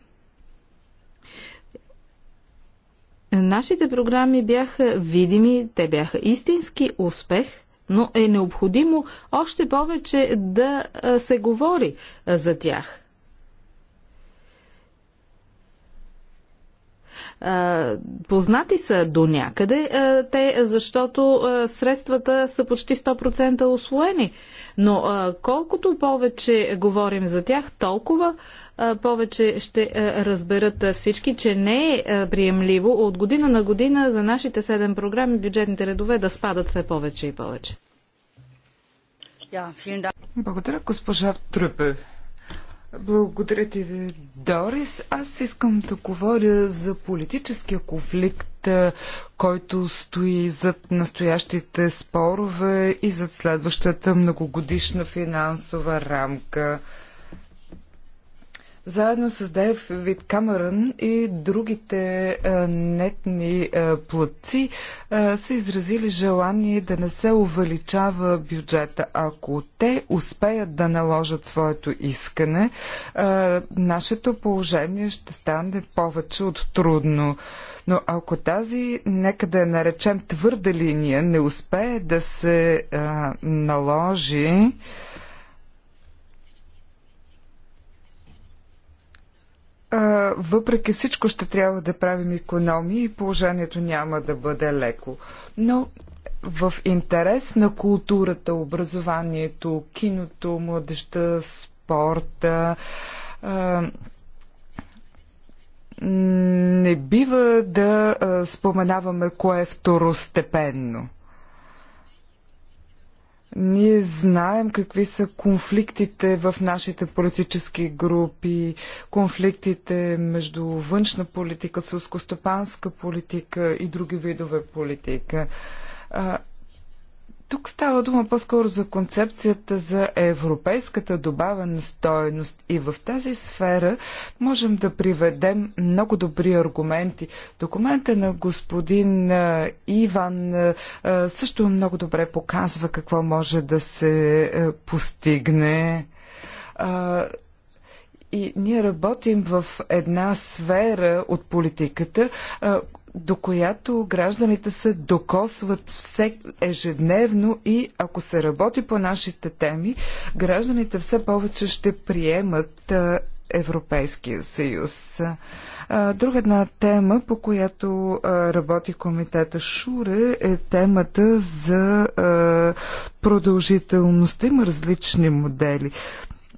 Нашите програми бяха видими, те бяха истински успех, но е необходимо още повече да се говори за тях. познати са до някъде те, защото средствата са почти 100% освоени. Но колкото повече говорим за тях, толкова повече ще разберат всички, че не е приемливо от година на година за нашите седем програми бюджетните редове да спадат все повече и повече. Благодаря, госпожа Трупе. Благодаря ти, Дорис. Аз искам да говоря за политическия конфликт, който стои зад настоящите спорове и зад следващата многогодишна финансова рамка заедно с Вит Камерън и другите а, нетни а, платци а, са изразили желание да не се увеличава бюджета. Ако те успеят да наложат своето искане, а, нашето положение ще стане повече от трудно. Но ако тази, нека да я наречем твърда линия, не успее да се а, наложи, въпреки всичко ще трябва да правим економии и положението няма да бъде леко. Но в интерес на културата, образованието, киното, младеща, спорта, не бива да споменаваме кое е второстепенно. Ние знаем какви са конфликтите в нашите политически групи, конфликтите между външна политика, сълскостопанска политика и други видове политика. Тук става дума по-скоро за концепцията за европейската добавена стоеност и в тази сфера можем да приведем много добри аргументи. Документа на господин Иван също много добре показва какво може да се постигне. И ние работим в една сфера от политиката, до която гражданите се докосват все ежедневно и ако се работи по нашите теми, гражданите все повече ще приемат Европейския съюз. Друга една тема, по която работи комитета Шуре, е темата за продължителността. Има различни модели.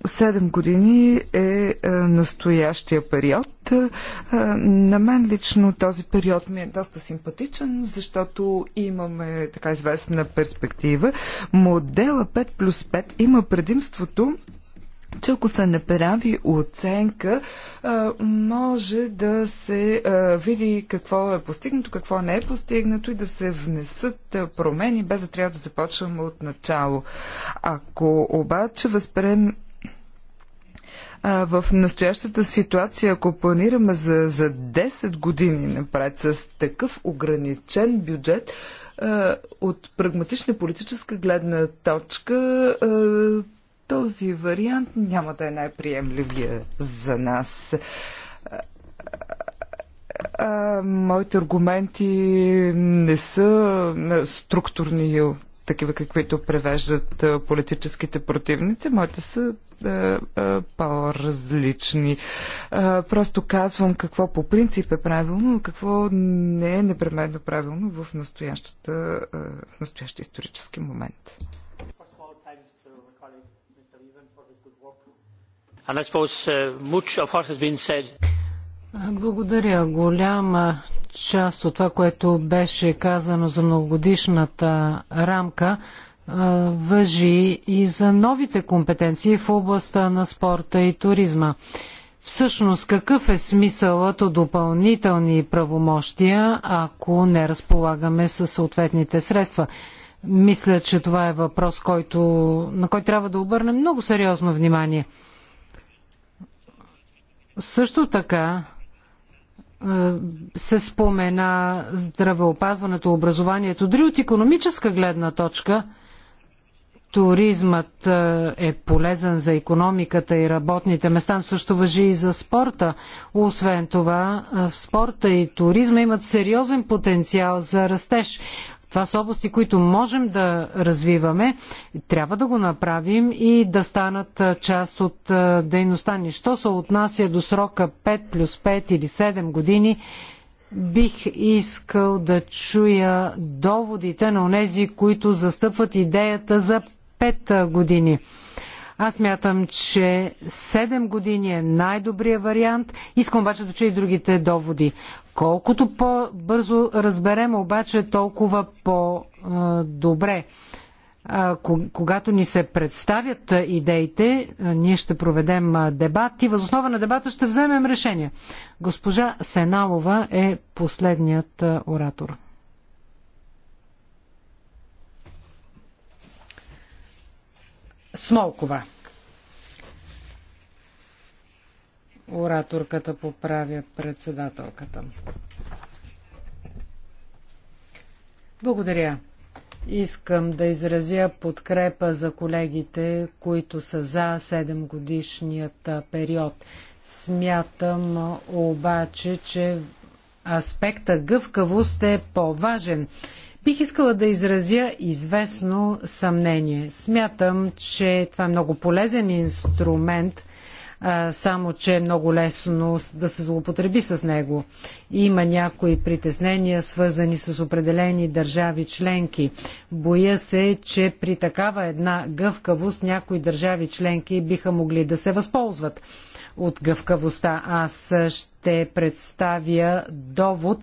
Седем години е, е настоящия период. Е, е, на мен лично този период ми е доста симпатичен, защото имаме така известна перспектива. Модела 5 плюс 5 има предимството, че ако се направи оценка, може да се види какво е постигнато, какво не е постигнато и да се внесат промени, без да трябва да започваме от начало. Ако обаче възпрем в настоящата ситуация, ако планираме за, за 10 години напред с такъв ограничен бюджет, от прагматична политическа гледна точка този вариант няма да е най-приемливия за нас. Моите аргументи не са структурни такива, каквито превеждат политическите противници. Моите са по-различни. Просто казвам какво по принцип е правилно, какво не е непременно правилно в, в настоящия исторически момент. And I suppose uh, much of what has been said благодаря. Голяма част от това, което беше казано за многогодишната рамка, въжи и за новите компетенции в областта на спорта и туризма. Всъщност, какъв е смисълът от допълнителни правомощия, ако не разполагаме със съответните средства? Мисля, че това е въпрос, който, на който трябва да обърнем много сериозно внимание. Също така, е, се спомена здравеопазването, образованието, дори от економическа гледна точка – туризмът е, е полезен за економиката и работните места, също въжи и за спорта. Освен това, е, спорта и туризма имат сериозен потенциал за растеж. Това са области, които можем да развиваме. Трябва да го направим и да станат част от дейността ни. Що се отнася до срока 5 плюс 5 или 7 години, бих искал да чуя доводите на онези, които застъпват идеята за 5 години. Аз мятам, че 7 години е най-добрият вариант. Искам обаче да чуя и другите доводи. Колкото по-бързо разберем, обаче толкова по-добре. Когато ни се представят идеите, ние ще проведем дебат и възоснова на дебата ще вземем решение. Госпожа Сеналова е последният оратор. Смолкова. Ораторката поправя председателката. Благодаря. Искам да изразя подкрепа за колегите, които са за 7 годишният период. Смятам обаче, че аспекта гъвкавост е по-важен Бих искала да изразя известно съмнение. Смятам, че това е много полезен инструмент, само че е много лесно да се злоупотреби с него. Има някои притеснения, свързани с определени държави членки. Боя се, че при такава една гъвкавост някои държави членки биха могли да се възползват от гъвкавостта. Аз ще представя довод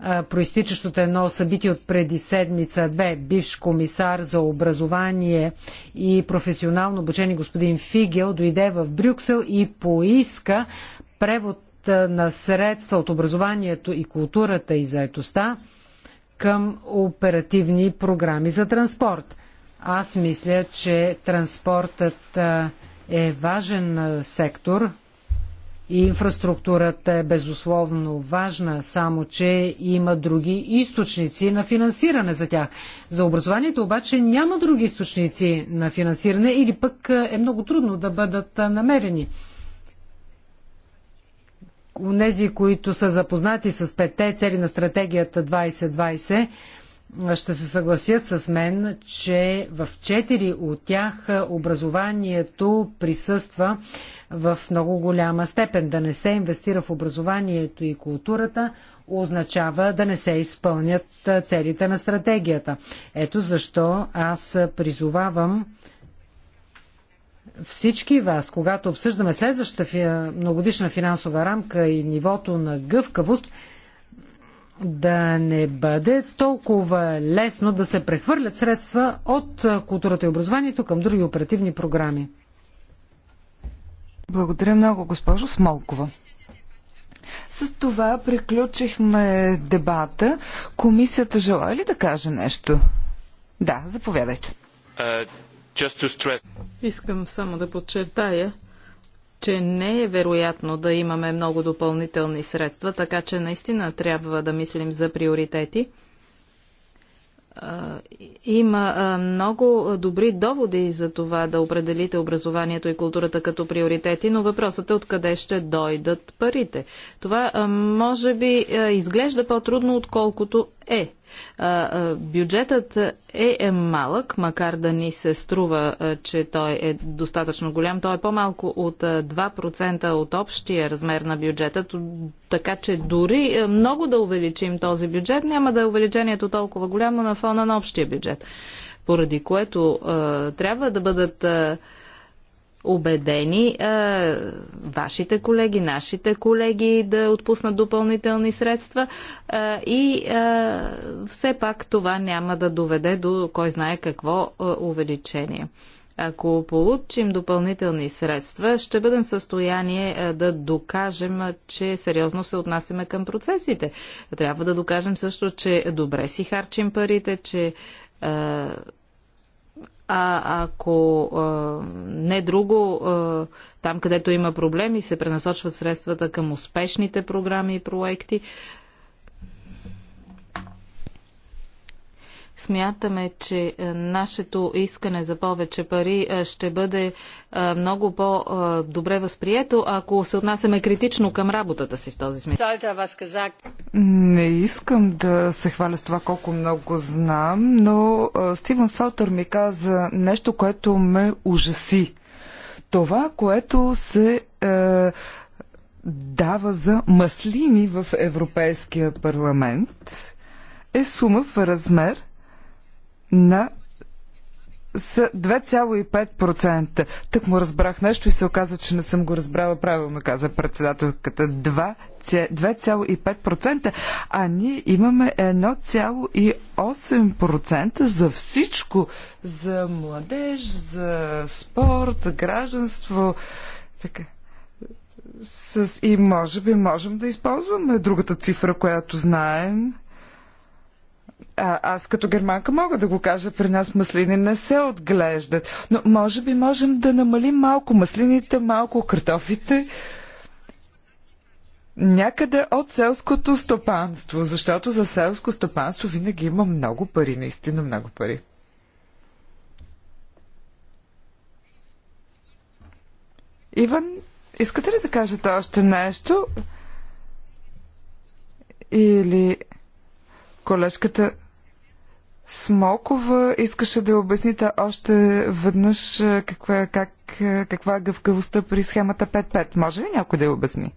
проистичащото едно събитие от преди седмица-две. Бивш комисар за образование и професионално обучение господин Фигел дойде в Брюксел и поиска превод на средства от образованието и културата и заетостта към оперативни програми за транспорт. Аз мисля, че транспортът е важен сектор, инфраструктурата е безусловно важна, само че има други източници на финансиране за тях. За образованието обаче няма други източници на финансиране или пък е, е много трудно да бъдат намерени. Унези, които са запознати с петте цели на стратегията 2020, ще се съгласят с мен, че в четири от тях е, образованието присъства в много голяма степен. Да не се инвестира в образованието и културата означава да не се изпълнят е, целите на стратегията. Ето защо аз призовавам всички вас, когато обсъждаме следващата многодишна финансова рамка и нивото на гъвкавост, да не бъде толкова лесно да се прехвърлят средства от културата и образованието към други оперативни програми. Благодаря много, госпожо Смолкова. С това приключихме дебата. Комисията желая ли да каже нещо? Да, заповядайте. Uh, Искам само да подчертая, че не е вероятно да имаме много допълнителни средства, така че наистина трябва да мислим за приоритети. Има много добри доводи за това да определите образованието и културата като приоритети, но въпросът е откъде ще дойдат парите. Това може би изглежда по-трудно, отколкото е. Бюджетът е, е малък, макар да ни се струва, че той е достатъчно голям. Той е по-малко от 2% от общия размер на бюджета, така че дори много да увеличим този бюджет, няма да е увеличението толкова голямо на фона на общия бюджет. Поради което трябва да бъдат убедени а, вашите колеги, нашите колеги да отпуснат допълнителни средства а, и а, все пак това няма да доведе до кой знае какво а, увеличение. Ако получим допълнителни средства, ще бъдем в състояние да докажем, че сериозно се отнасяме към процесите. Трябва да докажем също, че добре си харчим парите, че а ако а, не друго, а, там където има проблеми, се пренасочват средствата към успешните програми и проекти. Смятаме, че е, нашето искане за повече пари е, ще бъде е, много по-добре възприето, ако се отнасяме критично към работата си в този смисъл. Не искам да се хваля с това колко много знам, но Стивен Салтър ми каза нещо, което ме ужаси. Това, което се е, дава за маслини в Европейския парламент е сума в размер на с 2,5%. Тък му разбрах нещо и се оказа, че не съм го разбрала правилно, каза председателката. 2,5%. А ние имаме 1,8% за всичко. За младеж, за спорт, за гражданство. Така. С... И може би можем да използваме другата цифра, която знаем. А, аз като германка мога да го кажа, при нас маслини не се отглеждат. Но може би можем да намалим малко маслините, малко картофите някъде от селското стопанство, защото за селско стопанство винаги има много пари, наистина много пари. Иван, искате ли да кажете още нещо? Или колежката Смолкова искаше да обясните още веднъж е, каква, е, как, е, каква е гъвкавостта при схемата 5-5. Може ли някой да я обясни?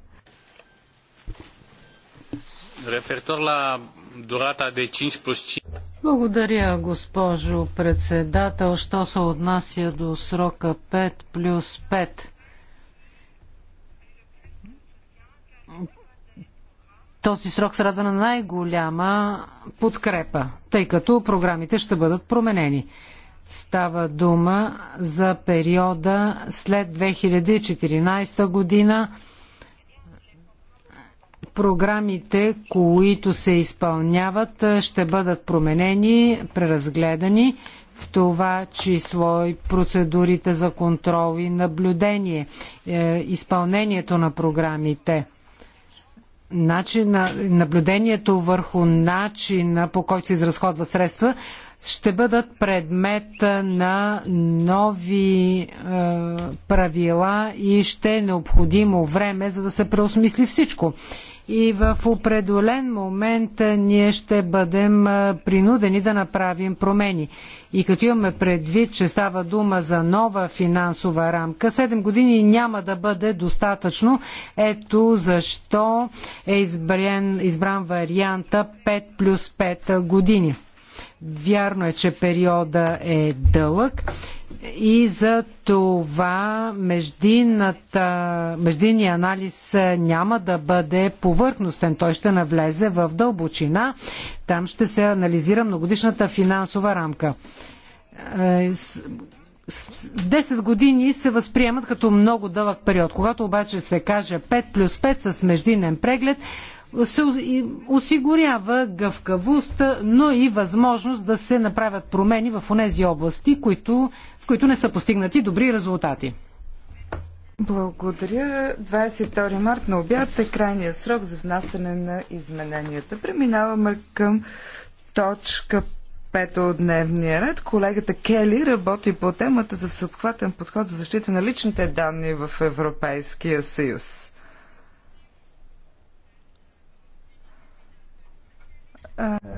дурата де 5 плюс 5. Благодаря, госпожо председател. Що се отнася до срока 5 плюс 5? този срок се радва на най-голяма подкрепа, тъй като програмите ще бъдат променени. Става дума за периода след 2014 година. Програмите, които се изпълняват, ще бъдат променени, преразгледани, в това число и процедурите за контрол и наблюдение, е, изпълнението на програмите – начин, наблюдението върху начина по който се изразходва средства, ще бъдат предмет на нови е, правила и ще е необходимо време, за да се преосмисли всичко и в определен момент ние ще бъдем принудени да направим промени. И като имаме предвид, че става дума за нова финансова рамка, 7 години няма да бъде достатъчно. Ето защо е избран, избран варианта 5 плюс 5 години. Вярно е, че периода е дълъг и за това междинния анализ няма да бъде повърхностен. Той ще навлезе в дълбочина. Там ще се анализира многодишната финансова рамка. Е, десет години се възприемат като много дълъг период. Когато обаче се каже 5 плюс 5 с междинен преглед, се осигурява гъвкавост, но и възможност да се направят промени в онези области, които, в които не са постигнати добри резултати. Благодаря. 22 март на обяд е крайният срок за внасяне на измененията. Преминаваме към точка пета от дневния ред. Колегата Кели работи по темата за всеобхватен подход за защита на личните данни в Европейския съюз.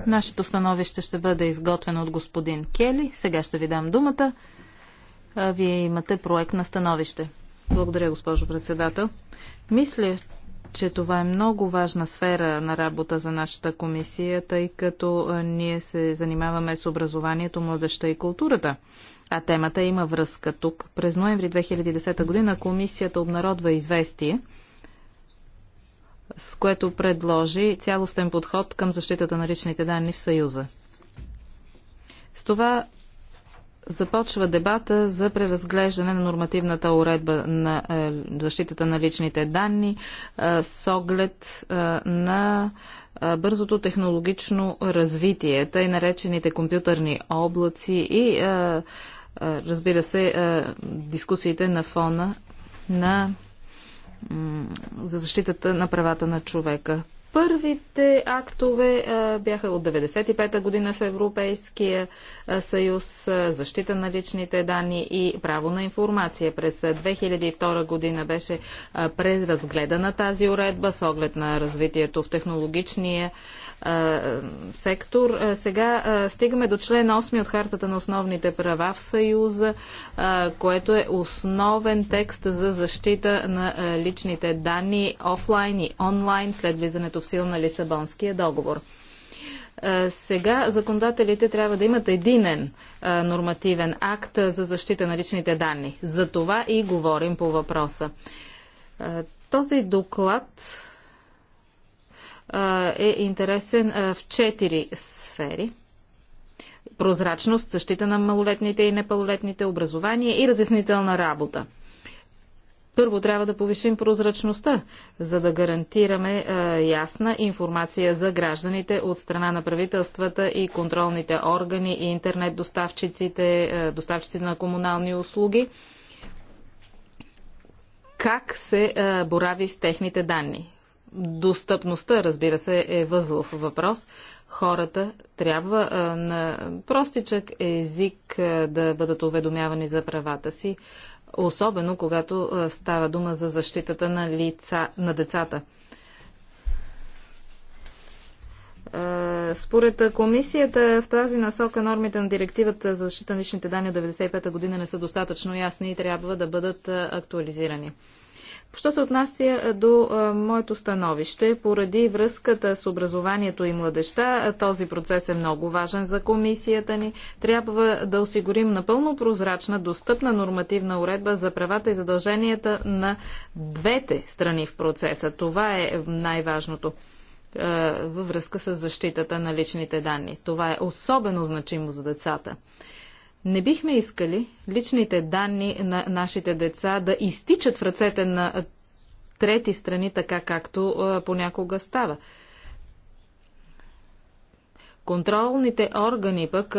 Нашето становище ще бъде изготвено от господин Кели. Сега ще ви дам думата. Вие имате проект на становище. Благодаря, госпожо председател. Мисля, че това е много важна сфера на работа за нашата комисия, тъй като ние се занимаваме с образованието, младеща и културата. А темата има връзка тук. През ноември 2010 година комисията обнародва известие, с което предложи цялостен подход към защитата на личните данни в Съюза. С това започва дебата за преразглеждане на нормативната уредба на е, защитата на личните данни е, с оглед е, на бързото технологично развитие, тъй наречените компютърни облаци и разбира се дискусиите на фона на за защитата на правата на човека. Първите актове бяха от 95- та година в Европейския съюз, защита на личните данни и право на информация. През 2002 година беше преразгледана тази уредба с оглед на развитието в технологичния сектор. Сега стигаме до член 8 от Хартата на основните права в Съюза, което е основен текст за защита на личните данни офлайн и онлайн след влизането в сил на Лисабонския договор. Сега законодателите трябва да имат единен нормативен акт за защита на личните данни. За това и говорим по въпроса. Този доклад е интересен в четири сфери. Прозрачност, защита на малолетните и непълнолетните, образование и разяснителна работа. Първо трябва да повишим прозрачността, за да гарантираме е, ясна информация за гражданите от страна на правителствата и контролните органи и интернет доставчиците, е, доставчиците на комунални услуги. Как се е, борави с техните данни? Достъпността, разбира се, е възлов въпрос. Хората трябва е, на простичък език е, да бъдат уведомявани за правата си особено когато става дума за защитата на, лица, на децата. Според комисията в тази насока нормите на директивата за защита на личните данни от 1995 година не са достатъчно ясни и трябва да бъдат актуализирани. Що се отнася до моето становище, поради връзката с образованието и младеща, този процес е много важен за комисията ни. Трябва да осигурим напълно прозрачна, достъпна нормативна уредба за правата и задълженията на двете страни в процеса. Това е най-важното във връзка с защитата на личните данни. Това е особено значимо за децата. Не бихме искали личните данни на нашите деца да изтичат в ръцете на трети страни, така както понякога става. Контролните органи, пък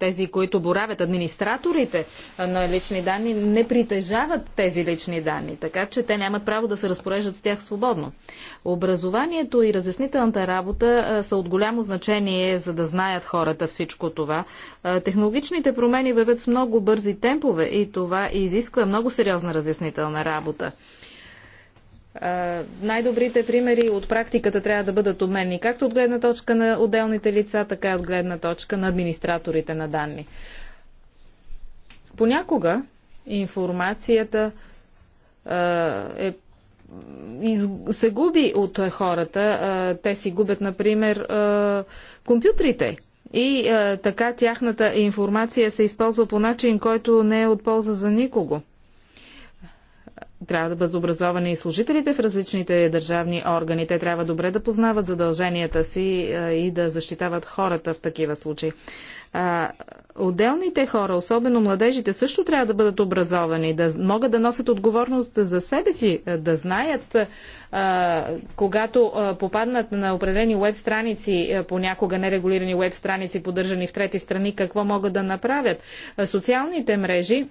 тези, които боравят администраторите на лични данни, не притежават тези лични данни, така че те нямат право да се разпореждат с тях свободно. Образованието и разяснителната работа са от голямо значение, за да знаят хората всичко това. Технологичните промени вървят с много бързи темпове и това изисква много сериозна разяснителна работа най-добрите примери от практиката трябва да бъдат обменни, както от гледна точка на отделните лица, така и от гледна точка на администраторите на данни. Понякога информацията е се губи от хората. Те си губят, например, компютрите. И така тяхната информация се използва по начин, който не е от полза за никого трябва да бъдат образовани и служителите в различните държавни органи. Те трябва добре да познават задълженията си и да защитават хората в такива случаи. Отделните хора, особено младежите, също трябва да бъдат образовани, да могат да носят отговорност за себе си, да знаят, когато попаднат на определени веб страници, понякога нерегулирани веб страници, поддържани в трети страни, какво могат да направят. Социалните мрежи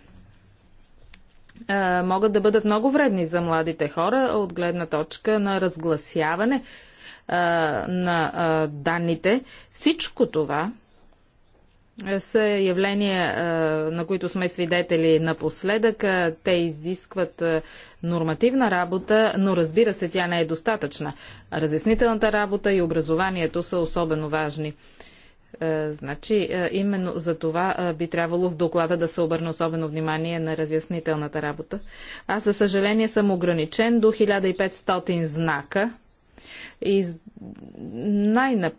е, могат да бъдат много вредни за младите хора от гледна точка на разгласяване е, на е, данните. Всичко това са явления, на които сме свидетели напоследък. Те изискват нормативна работа, но разбира се, тя не е достатъчна. Разяснителната работа и образованието са особено важни. Е, значи, е, именно за това е, би трябвало в доклада да се обърне особено внимание на разяснителната работа. Аз, за съжаление, съм ограничен до 1500 знака и най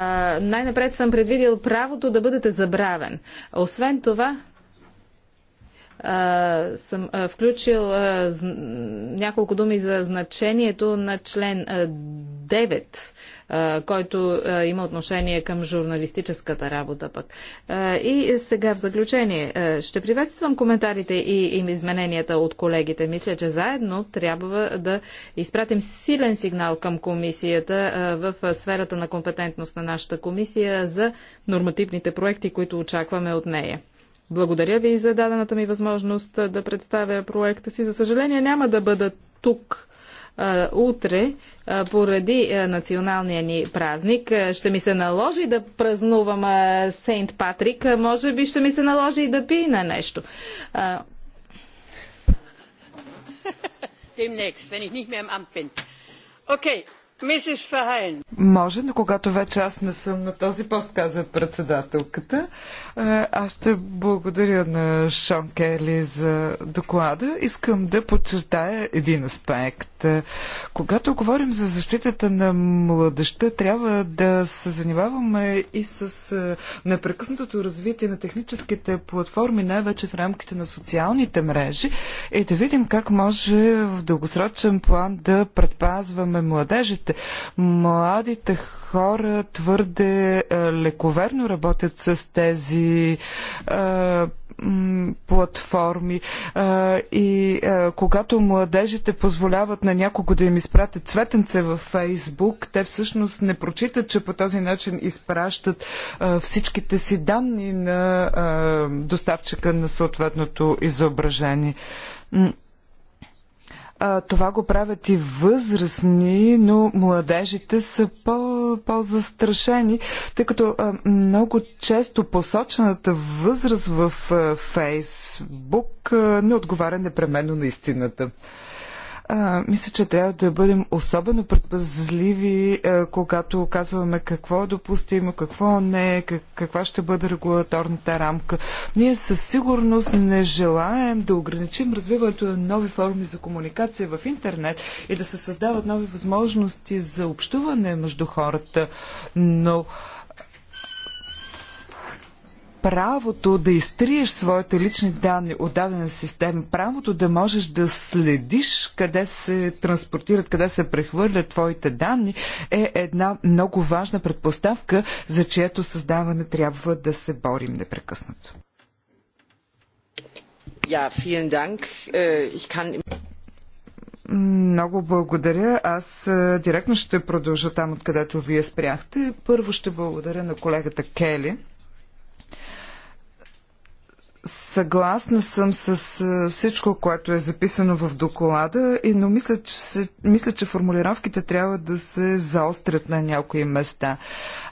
Uh, най-напред съм предвидил правото да бъдете забравен. Освен това, съм а, включил а, з, няколко думи за значението на член а, 9, който има отношение към журналистическата работа пък. и сега в заключение ще приветствам коментарите и, им измененията от колегите. Мисля, че заедно трябва да изпратим силен сигнал към комисията в сферата на компетентност на нашата комисия за нормативните проекти, които очакваме от нея. Благодаря ви за дадената ми възможност да представя проекта си. За съжаление няма да бъда тук утре поради националния ни празник. Ще ми се наложи да празнувам Сейнт Патрик. Може би ще ми се наложи и да пи на нещо. Demnächst, wenn ich nicht mehr im Amt bin. Okay. Може, но когато вече аз не съм на този пост, каза председателката, аз ще благодаря на Шон Кели за доклада. Искам да подчертая един аспект. Когато говорим за защитата на младеща, трябва да се занимаваме и с непрекъснатото развитие на техническите платформи, най-вече в рамките на социалните мрежи и да видим как може в дългосрочен план да предпазваме младежите младите. Младите хора твърде е, лековерно работят с тези е, платформи е, и когато младежите позволяват на някого да им изпратят цветенце във Фейсбук, те всъщност не прочитат, че по този начин изпращат всичките си данни на доставчика на съответното изображение това го правят и възрастни, но младежите са по, по-застрашени, тъй като много често посочената възраст в Фейсбук не отговаря непременно на истината. А, мисля, че трябва да бъдем особено предпазливи, а, когато казваме какво е допустимо, какво не е, как, каква ще бъде регулаторната рамка. Ние със сигурност не желаем да ограничим развиването на нови форми за комуникация в интернет и да се създават нови възможности за общуване между хората, но правото да изтриеш своите лични данни от дадена система, правото да можеш да следиш къде се транспортират, къде се прехвърлят твоите данни, е една много важна предпоставка, за чието създаване трябва да се борим непрекъснато. Ja, vielen Dank. Äh, ich kann много благодаря. Аз директно ще продължа там, откъдето вие спряхте. Първо ще благодаря на колегата Кели Съгласна съм с всичко, което е записано в доклада, но мисля че, се, мисля, че формулировките трябва да се заострят на някои места.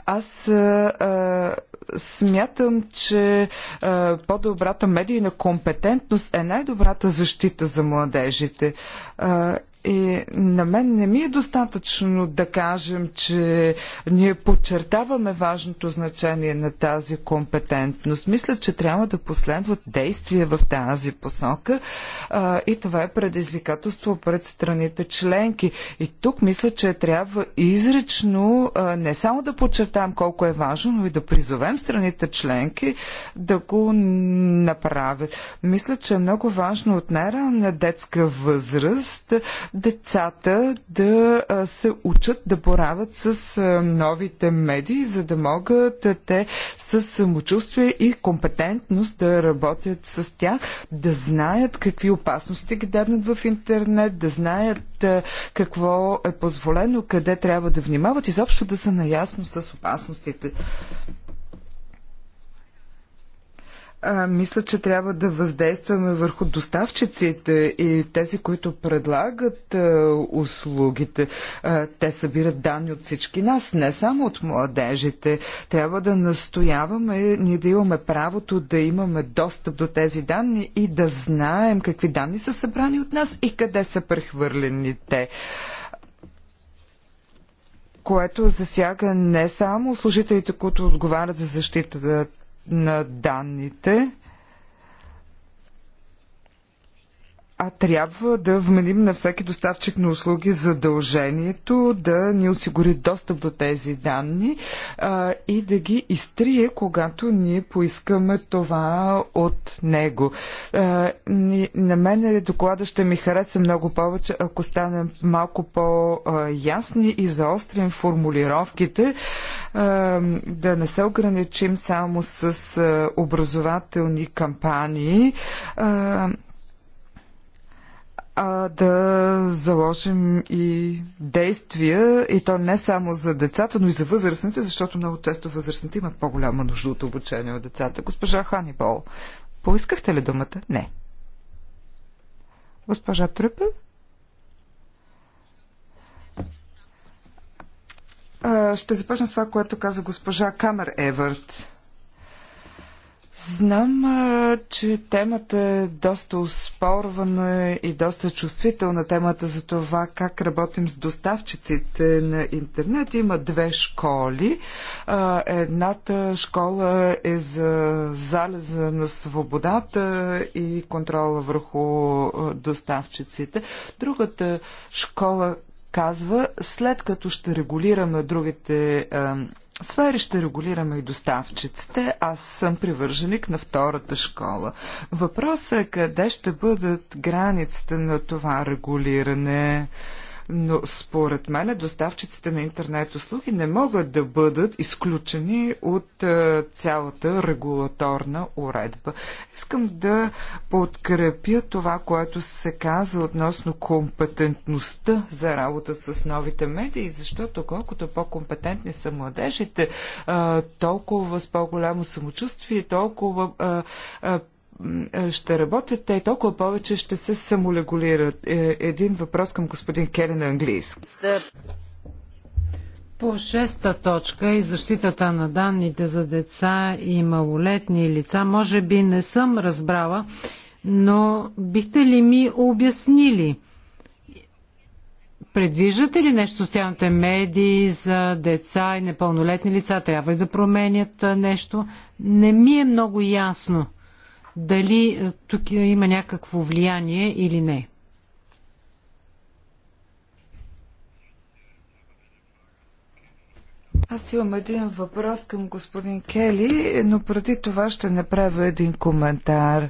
Аз а, а, смятам, че а, по-добрата медийна компетентност е най-добрата защита за младежите. А, и е, на мен не ми е достатъчно да кажем, че ние подчертаваме важното значение на тази компетентност. Мисля, че трябва да последват действия в тази посока а, и това е предизвикателство пред страните членки. И тук мисля, че трябва изрично а, не само да подчертаем колко е важно, но и да призовем страните членки да го направят. Мисля, че е много важно от най-ранна детска възраст децата да се учат да борават с новите медии, за да могат те с самочувствие и компетентност да работят с тях, да знаят какви опасности ги дебнат в интернет, да знаят какво е позволено, къде трябва да внимават, изобщо да са наясно с опасностите а, мисля, че трябва да въздействаме върху доставчиците и тези, които предлагат а, услугите. А, те събират данни от всички нас, не само от младежите. Трябва да настояваме ние да имаме правото да имаме достъп до тези данни и да знаем какви данни са събрани от нас и къде са прехвърлени те което засяга не само служителите, които отговарят за защитата на данните а трябва да вменим на всеки доставчик на услуги задължението да ни осигури достъп до тези данни а, и да ги изтрие, когато ние поискаме това от него. А, ни, на мен доклада ще ми хареса много повече, ако станем малко по-ясни и заострим формулировките, а, да не се ограничим само с образователни кампании. А, а да заложим и действия, и то не само за децата, но и за възрастните, защото много често възрастните имат по-голяма нужда от обучение от децата. Госпожа Ханибол, поискахте ли думата? Не. Госпожа Трюпе? Ще започна с това, което каза госпожа Камер Еверт. Знам, че темата е доста успорвана и доста чувствителна темата за това как работим с доставчиците на интернет. Има две школи. Едната школа е за залеза на свободата и контрола върху доставчиците. Другата школа казва, след като ще регулираме другите сфери ще регулираме и доставчиците. Аз съм привърженик на втората школа. Въпросът е къде ще бъдат границите на това регулиране. Но според мен доставчиците на интернет услуги не могат да бъдат изключени от е, цялата регулаторна уредба. Искам да подкрепя това, което се каза относно компетентността за работа с новите медии, защото колкото по-компетентни са младежите, е, толкова с по-голямо самочувствие, толкова е, е, ще работят те толкова повече ще се самолегулират. Е, един въпрос към господин Кели на английски. По шеста точка и защитата на данните за деца и малолетни лица, може би не съм разбрала, но бихте ли ми обяснили? Предвиждате ли нещо социалните медии за деца и непълнолетни лица? Трябва ли да променят нещо? Не ми е много ясно дали е, тук има някакво влияние или не. Аз имам един въпрос към господин Кели, но преди това ще направя един коментар.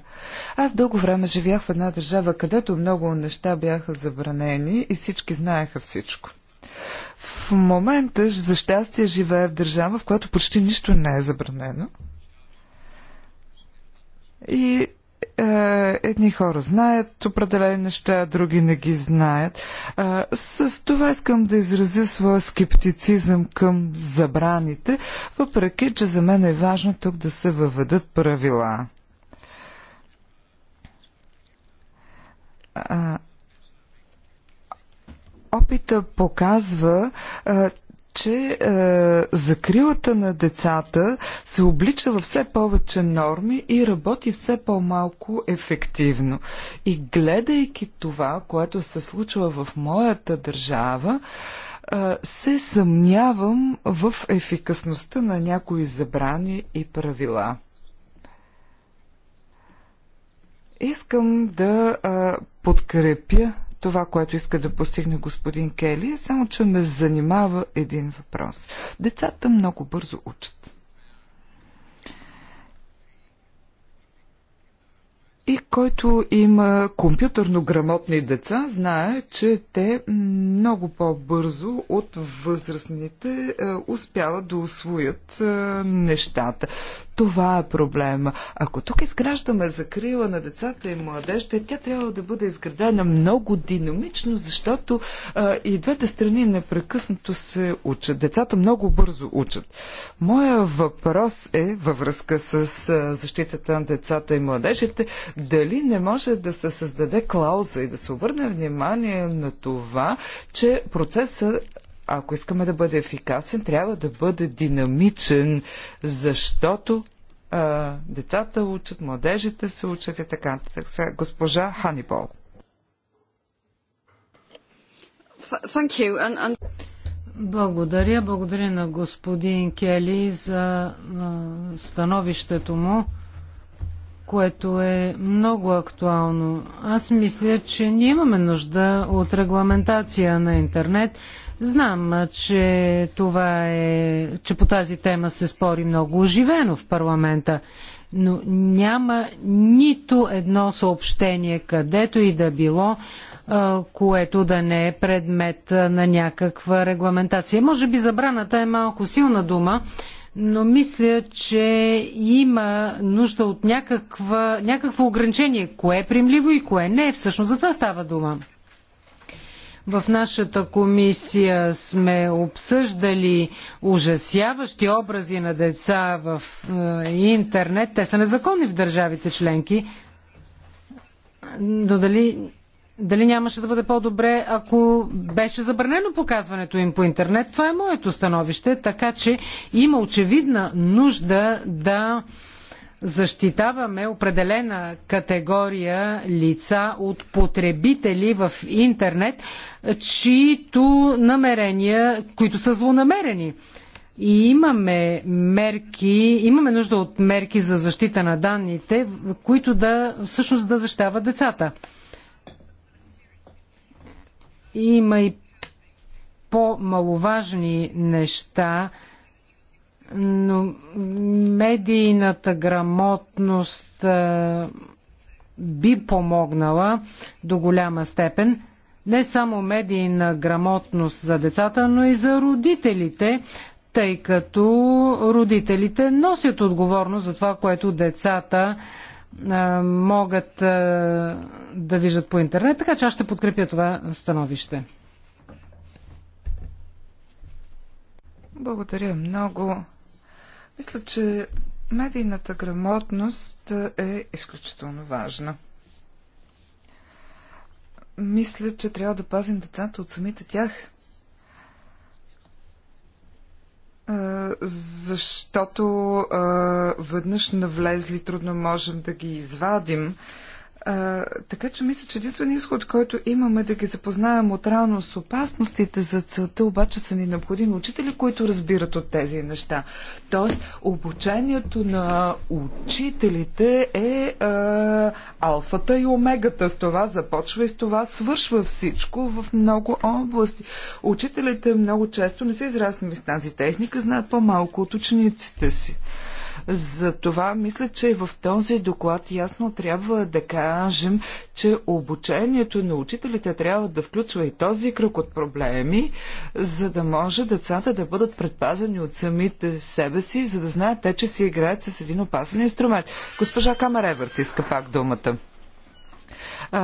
Аз дълго време живях в една държава, където много неща бяха забранени и всички знаеха всичко. В момента, за щастие, живея в държава, в която почти нищо не е забранено. И е, едни хора знаят определени неща, а други не ги знаят. Е, с това искам да изразя своя скептицизъм към забраните, въпреки че за мен е важно тук да се въведат правила. Е, опита показва, че е, закрилата на децата се облича във все повече норми и работи все по-малко ефективно. И гледайки това, което се случва в моята държава, е, се съмнявам в ефикасността на някои забрани и правила. Искам да е, подкрепя това, което иска да постигне господин Кели, е само че ме занимава един въпрос. Децата много бързо учат. И който има компютърно грамотни деца, знае, че те много по-бързо от възрастните е, успяват да освоят е, нещата. Това е проблема. Ако тук изграждаме закрила на децата и младежите, тя трябва да бъде изградена много динамично, защото а, и двете страни непрекъснато се учат. Децата много бързо учат. Моя въпрос е във връзка с а, защитата на децата и младежите, дали не може да се създаде клауза и да се обърне внимание на това, че процесът ако искаме да бъде ефикасен, трябва да бъде динамичен, защото а, децата учат, младежите се учат и така нататък. Госпожа Ханибол. Благодаря. Благодаря на господин Кели за становището му, което е много актуално. Аз мисля, че ние имаме нужда от регламентация на интернет. Знам, че, това е, че по тази тема се спори много оживено в парламента, но няма нито едно съобщение, където и да било, което да не е предмет на някаква регламентация. Може би забраната е малко силна дума, но мисля, че има нужда от някаква, някакво ограничение, кое е примливо и кое не е. Всъщност за това става дума. В нашата комисия сме обсъждали ужасяващи образи на деца в е, интернет. Те са незаконни в държавите членки. Но дали, дали нямаше да бъде по-добре, ако беше забранено показването им по интернет? Това е моето становище, така че има очевидна нужда да защитаваме определена категория лица от потребители в интернет, чието намерения, които са злонамерени. И имаме мерки, имаме нужда от мерки за защита на данните, които да всъщност да защитават децата. Има и по-маловажни неща, но медийната грамотност би помогнала до голяма степен не само медийна грамотност за децата, но и за родителите, тъй като родителите носят отговорност за това, което децата а, могат а, да виждат по интернет, така че аз ще подкрепя това становище. Благодаря много. Мисля, че медийната грамотност е изключително важна. Мисля, че трябва да пазим децата от самите тях. Защото веднъж навлезли трудно можем да ги извадим а, така че мисля, че единственият изход, който имаме да ги запознаем от рано с опасностите за целта, обаче са ни необходими учители, които разбират от тези неща. Тоест, обучението на учителите е а, алфата и омегата. С това започва и с това свършва всичко в много области. Учителите много често не са израснали с тази техника, знаят по-малко от учениците си. Затова мисля, че в този доклад ясно трябва да кажем, че обучението на учителите трябва да включва и този кръг от проблеми, за да може децата да бъдат предпазени от самите себе си, за да знаят те, че си играят с един опасен инструмент. Госпожа Камареверт иска пак думата.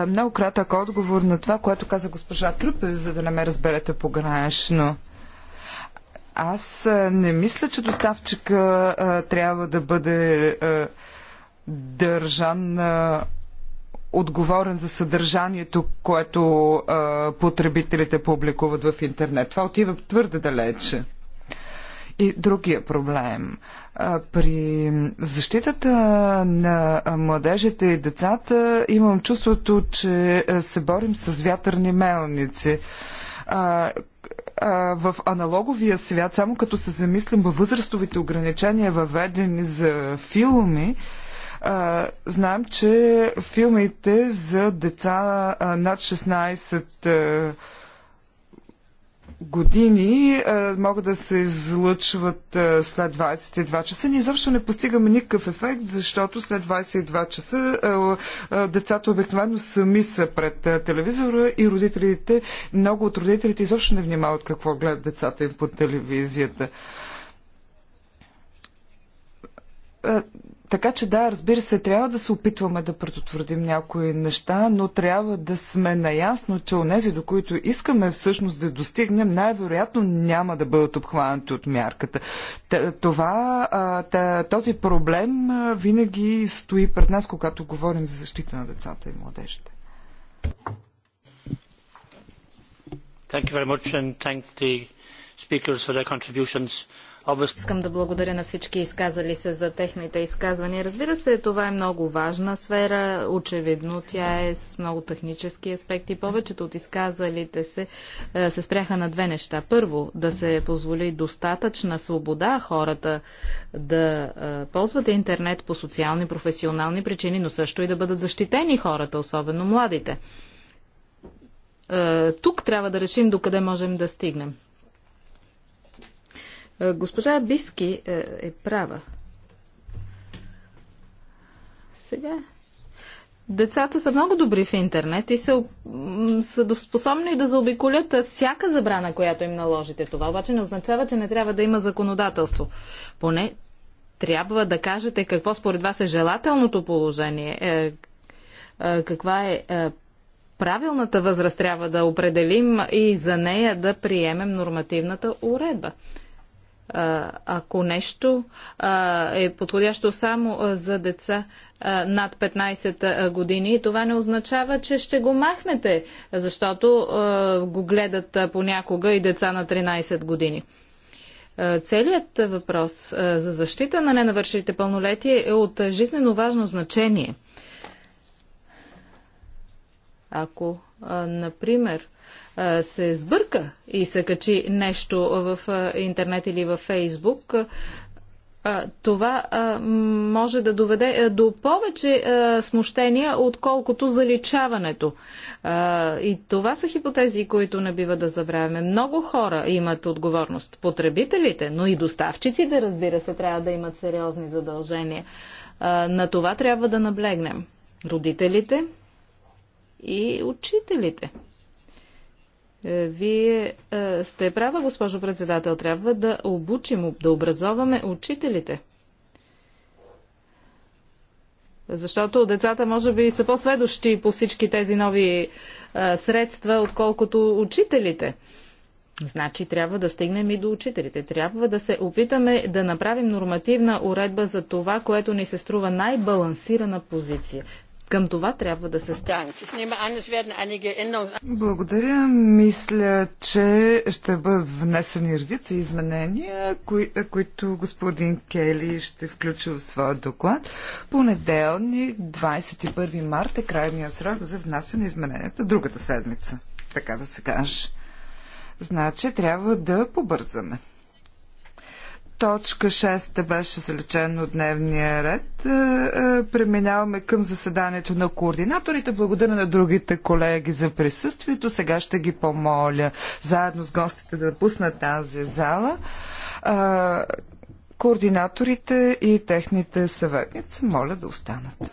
Много кратък отговор на това, което каза госпожа Трупе, за да не ме разберете погрешно. Аз не мисля, че доставчика а, трябва да бъде а, държан а, отговорен за съдържанието, което а, потребителите публикуват в интернет. Това отива твърде далече. И другия проблем. При защитата на младежите и децата имам чувството, че се борим с вятърни мелници в аналоговия свят, само като се замислим във възрастовите ограничения, въведени за филми, а, знаем, че филмите за деца а, над 16 а, години могат да се излъчват след 22 часа. Ние изобщо не постигаме никакъв ефект, защото след 22 часа децата обикновено сами са пред телевизора и родителите, много от родителите изобщо не внимават какво гледат децата им по телевизията така че да, разбира се, трябва да се опитваме да предотвратим някои неща, но трябва да сме наясно, че онези, до които искаме всъщност да достигнем, най-вероятно няма да бъдат обхванати от мярката. Това, този проблем винаги стои пред нас, когато говорим за защита на децата и младежите. Thank you very much and thank the speakers for their contributions. Искам да благодаря на всички изказали се за техните изказвания. Разбира се, това е много важна сфера. Очевидно, тя е с много технически аспекти. Повечето от изказалите се е, се спряха на две неща. Първо, да се позволи достатъчна свобода хората да е, ползват интернет по социални, професионални причини, но също и да бъдат защитени хората, особено младите. Е, тук трябва да решим докъде можем да стигнем. Е, госпожа Биски е, е права. Сега. Децата са много добри в интернет и са, са способни да заобиколят всяка забрана, която им наложите. Това обаче не означава, че не трябва да има законодателство. Поне трябва да кажете какво според вас е желателното положение, е, каква е, е правилната възраст трябва да определим и за нея да приемем нормативната уредба ако нещо е подходящо само за деца над 15 години, това не означава, че ще го махнете, защото го гледат понякога и деца на 13 години. Целият въпрос за защита на ненавършилите пълнолетие е от жизнено важно значение. Ако, например, се сбърка и се качи нещо в интернет или в Фейсбук, това може да доведе до повече смущения, отколкото заличаването. И това са хипотези, които не бива да забравяме. Много хора имат отговорност. Потребителите, но и доставчиците, разбира се, трябва да имат сериозни задължения. На това трябва да наблегнем. Родителите и учителите. Е, вие е, сте права, госпожо председател. Трябва да обучим, да образоваме учителите. Защото децата може би са по-сведощи по всички тези нови е, средства, отколкото учителите. Значи трябва да стигнем и до учителите. Трябва да се опитаме да направим нормативна уредба за това, което ни се струва най-балансирана позиция. Към това трябва да се стане. Благодаря. Мисля, че ще бъдат внесени редица изменения, кои, които господин Кели ще включи в своя доклад. Понеделник, 21 марта е крайния срок за внасяне измененията другата седмица, така да се каже. Значи трябва да побързаме. Точка 6 беше залечена от дневния ред. Е, е, преминаваме към заседанието на координаторите. Благодаря на другите колеги за присъствието. Сега ще ги помоля заедно с гостите да пуснат тази зала. Е, координаторите и техните съветници моля да останат.